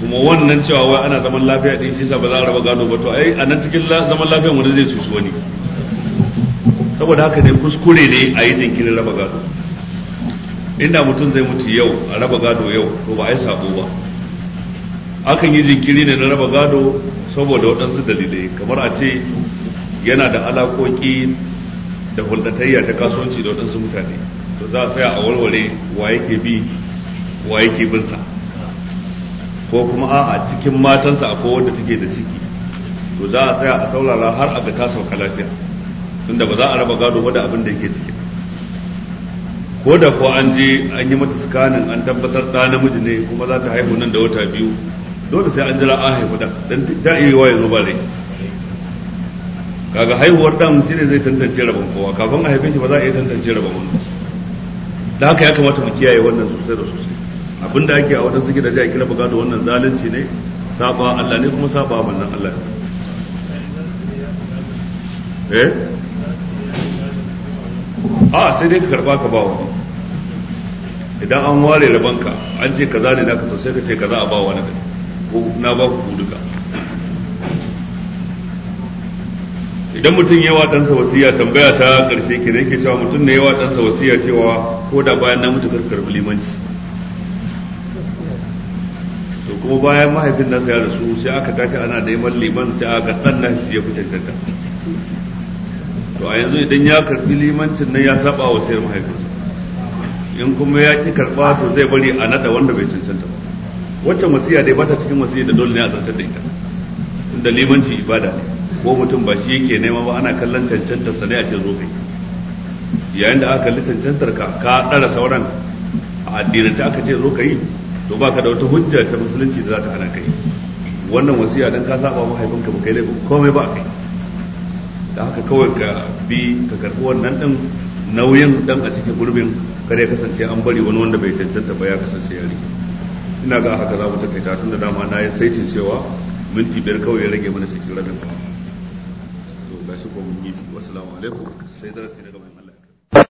kuma wannan cewa wai ana zaman lafiya din shi ba za a raba gado ba to ai a nan cikin zaman lafiya wani zai su wani saboda haka ne kuskure ne a yi jinkirin raba gado inda mutum zai mutu yau a raba gado yau to ba a yi sabo ba akan yi jinkiri ne na raba gado saboda waɗansu dalilai kamar a ce yana da alaƙoƙi da hulɗatayya ta kasuwanci da waɗansu mutane to za a tsaya a warware wa yake bi wa yake binsa ko kuma a cikin matansa akwai wanda take da ciki to za a tsaya a saurara har a ga ta sauka lafiya tunda ba za a raba gado ba da abin da yake ciki ko da ko an je an yi mata scanning an tabbatar da namiji ne kuma za ta haihu nan da wata biyu dole sai an jira an haihu da dan ta iya waye zo ba rai kaga haihuwar dan shi ne zai tantance rabon kowa kafin a haife shi ba za a iya tantance rabon wani da haka ya kamata mu kiyaye wannan sosai da sosai da ake a da ji a kira buga da wannan zalunci ne saba Allah ne kuma saba manzon Allah eh a sai dai ka karba ka ba wani idan an ware rabanka an ce kaza ne naka sosai sai ka ce kaza a ba wani ko na ba ku duka idan mutum yawa ɗansa wasiya tambaya ta ƙarshe ke da yake cewa mutum ne yawa ɗansa wasiya cewa ko da bayan na mutu karkar limanci to kuma bayan mahaifin nasa ya rasu sai aka tashi ana neman liman sai aka ɗan shi ya fi cancanta to a yanzu idan ya karbi limancin nan ya saba wa sayar mahaifinsa in kuma ya ki karba to zai bari a nada wanda bai cancanta ba wacce wasiya dai bata cikin wasiya da dole ne a zartar da ita da limanci ibada ne ko mutum ba shi yake nema ba ana kallon cancantar sa ne a ce zo kai yayin da aka kalli cancantar ka ka dara sauran a addinin ta aka ce zo kai to baka da wata hujja ta musulunci da za ta hana kai wannan wasiya dan ka saba mahaifinka ba kai laifin komai ba kai da haka kawai ka bi ka karɓi wannan ɗin nauyin ɗan a cikin gurbin kare kasance an bari wani wanda bai cancanta ba ya kasance ya rike ina ga haka za mu takaita tun da dama na yi saitin cewa minti biyar kawai ya rage mana cikin rabin ba to ko mun sai darasi na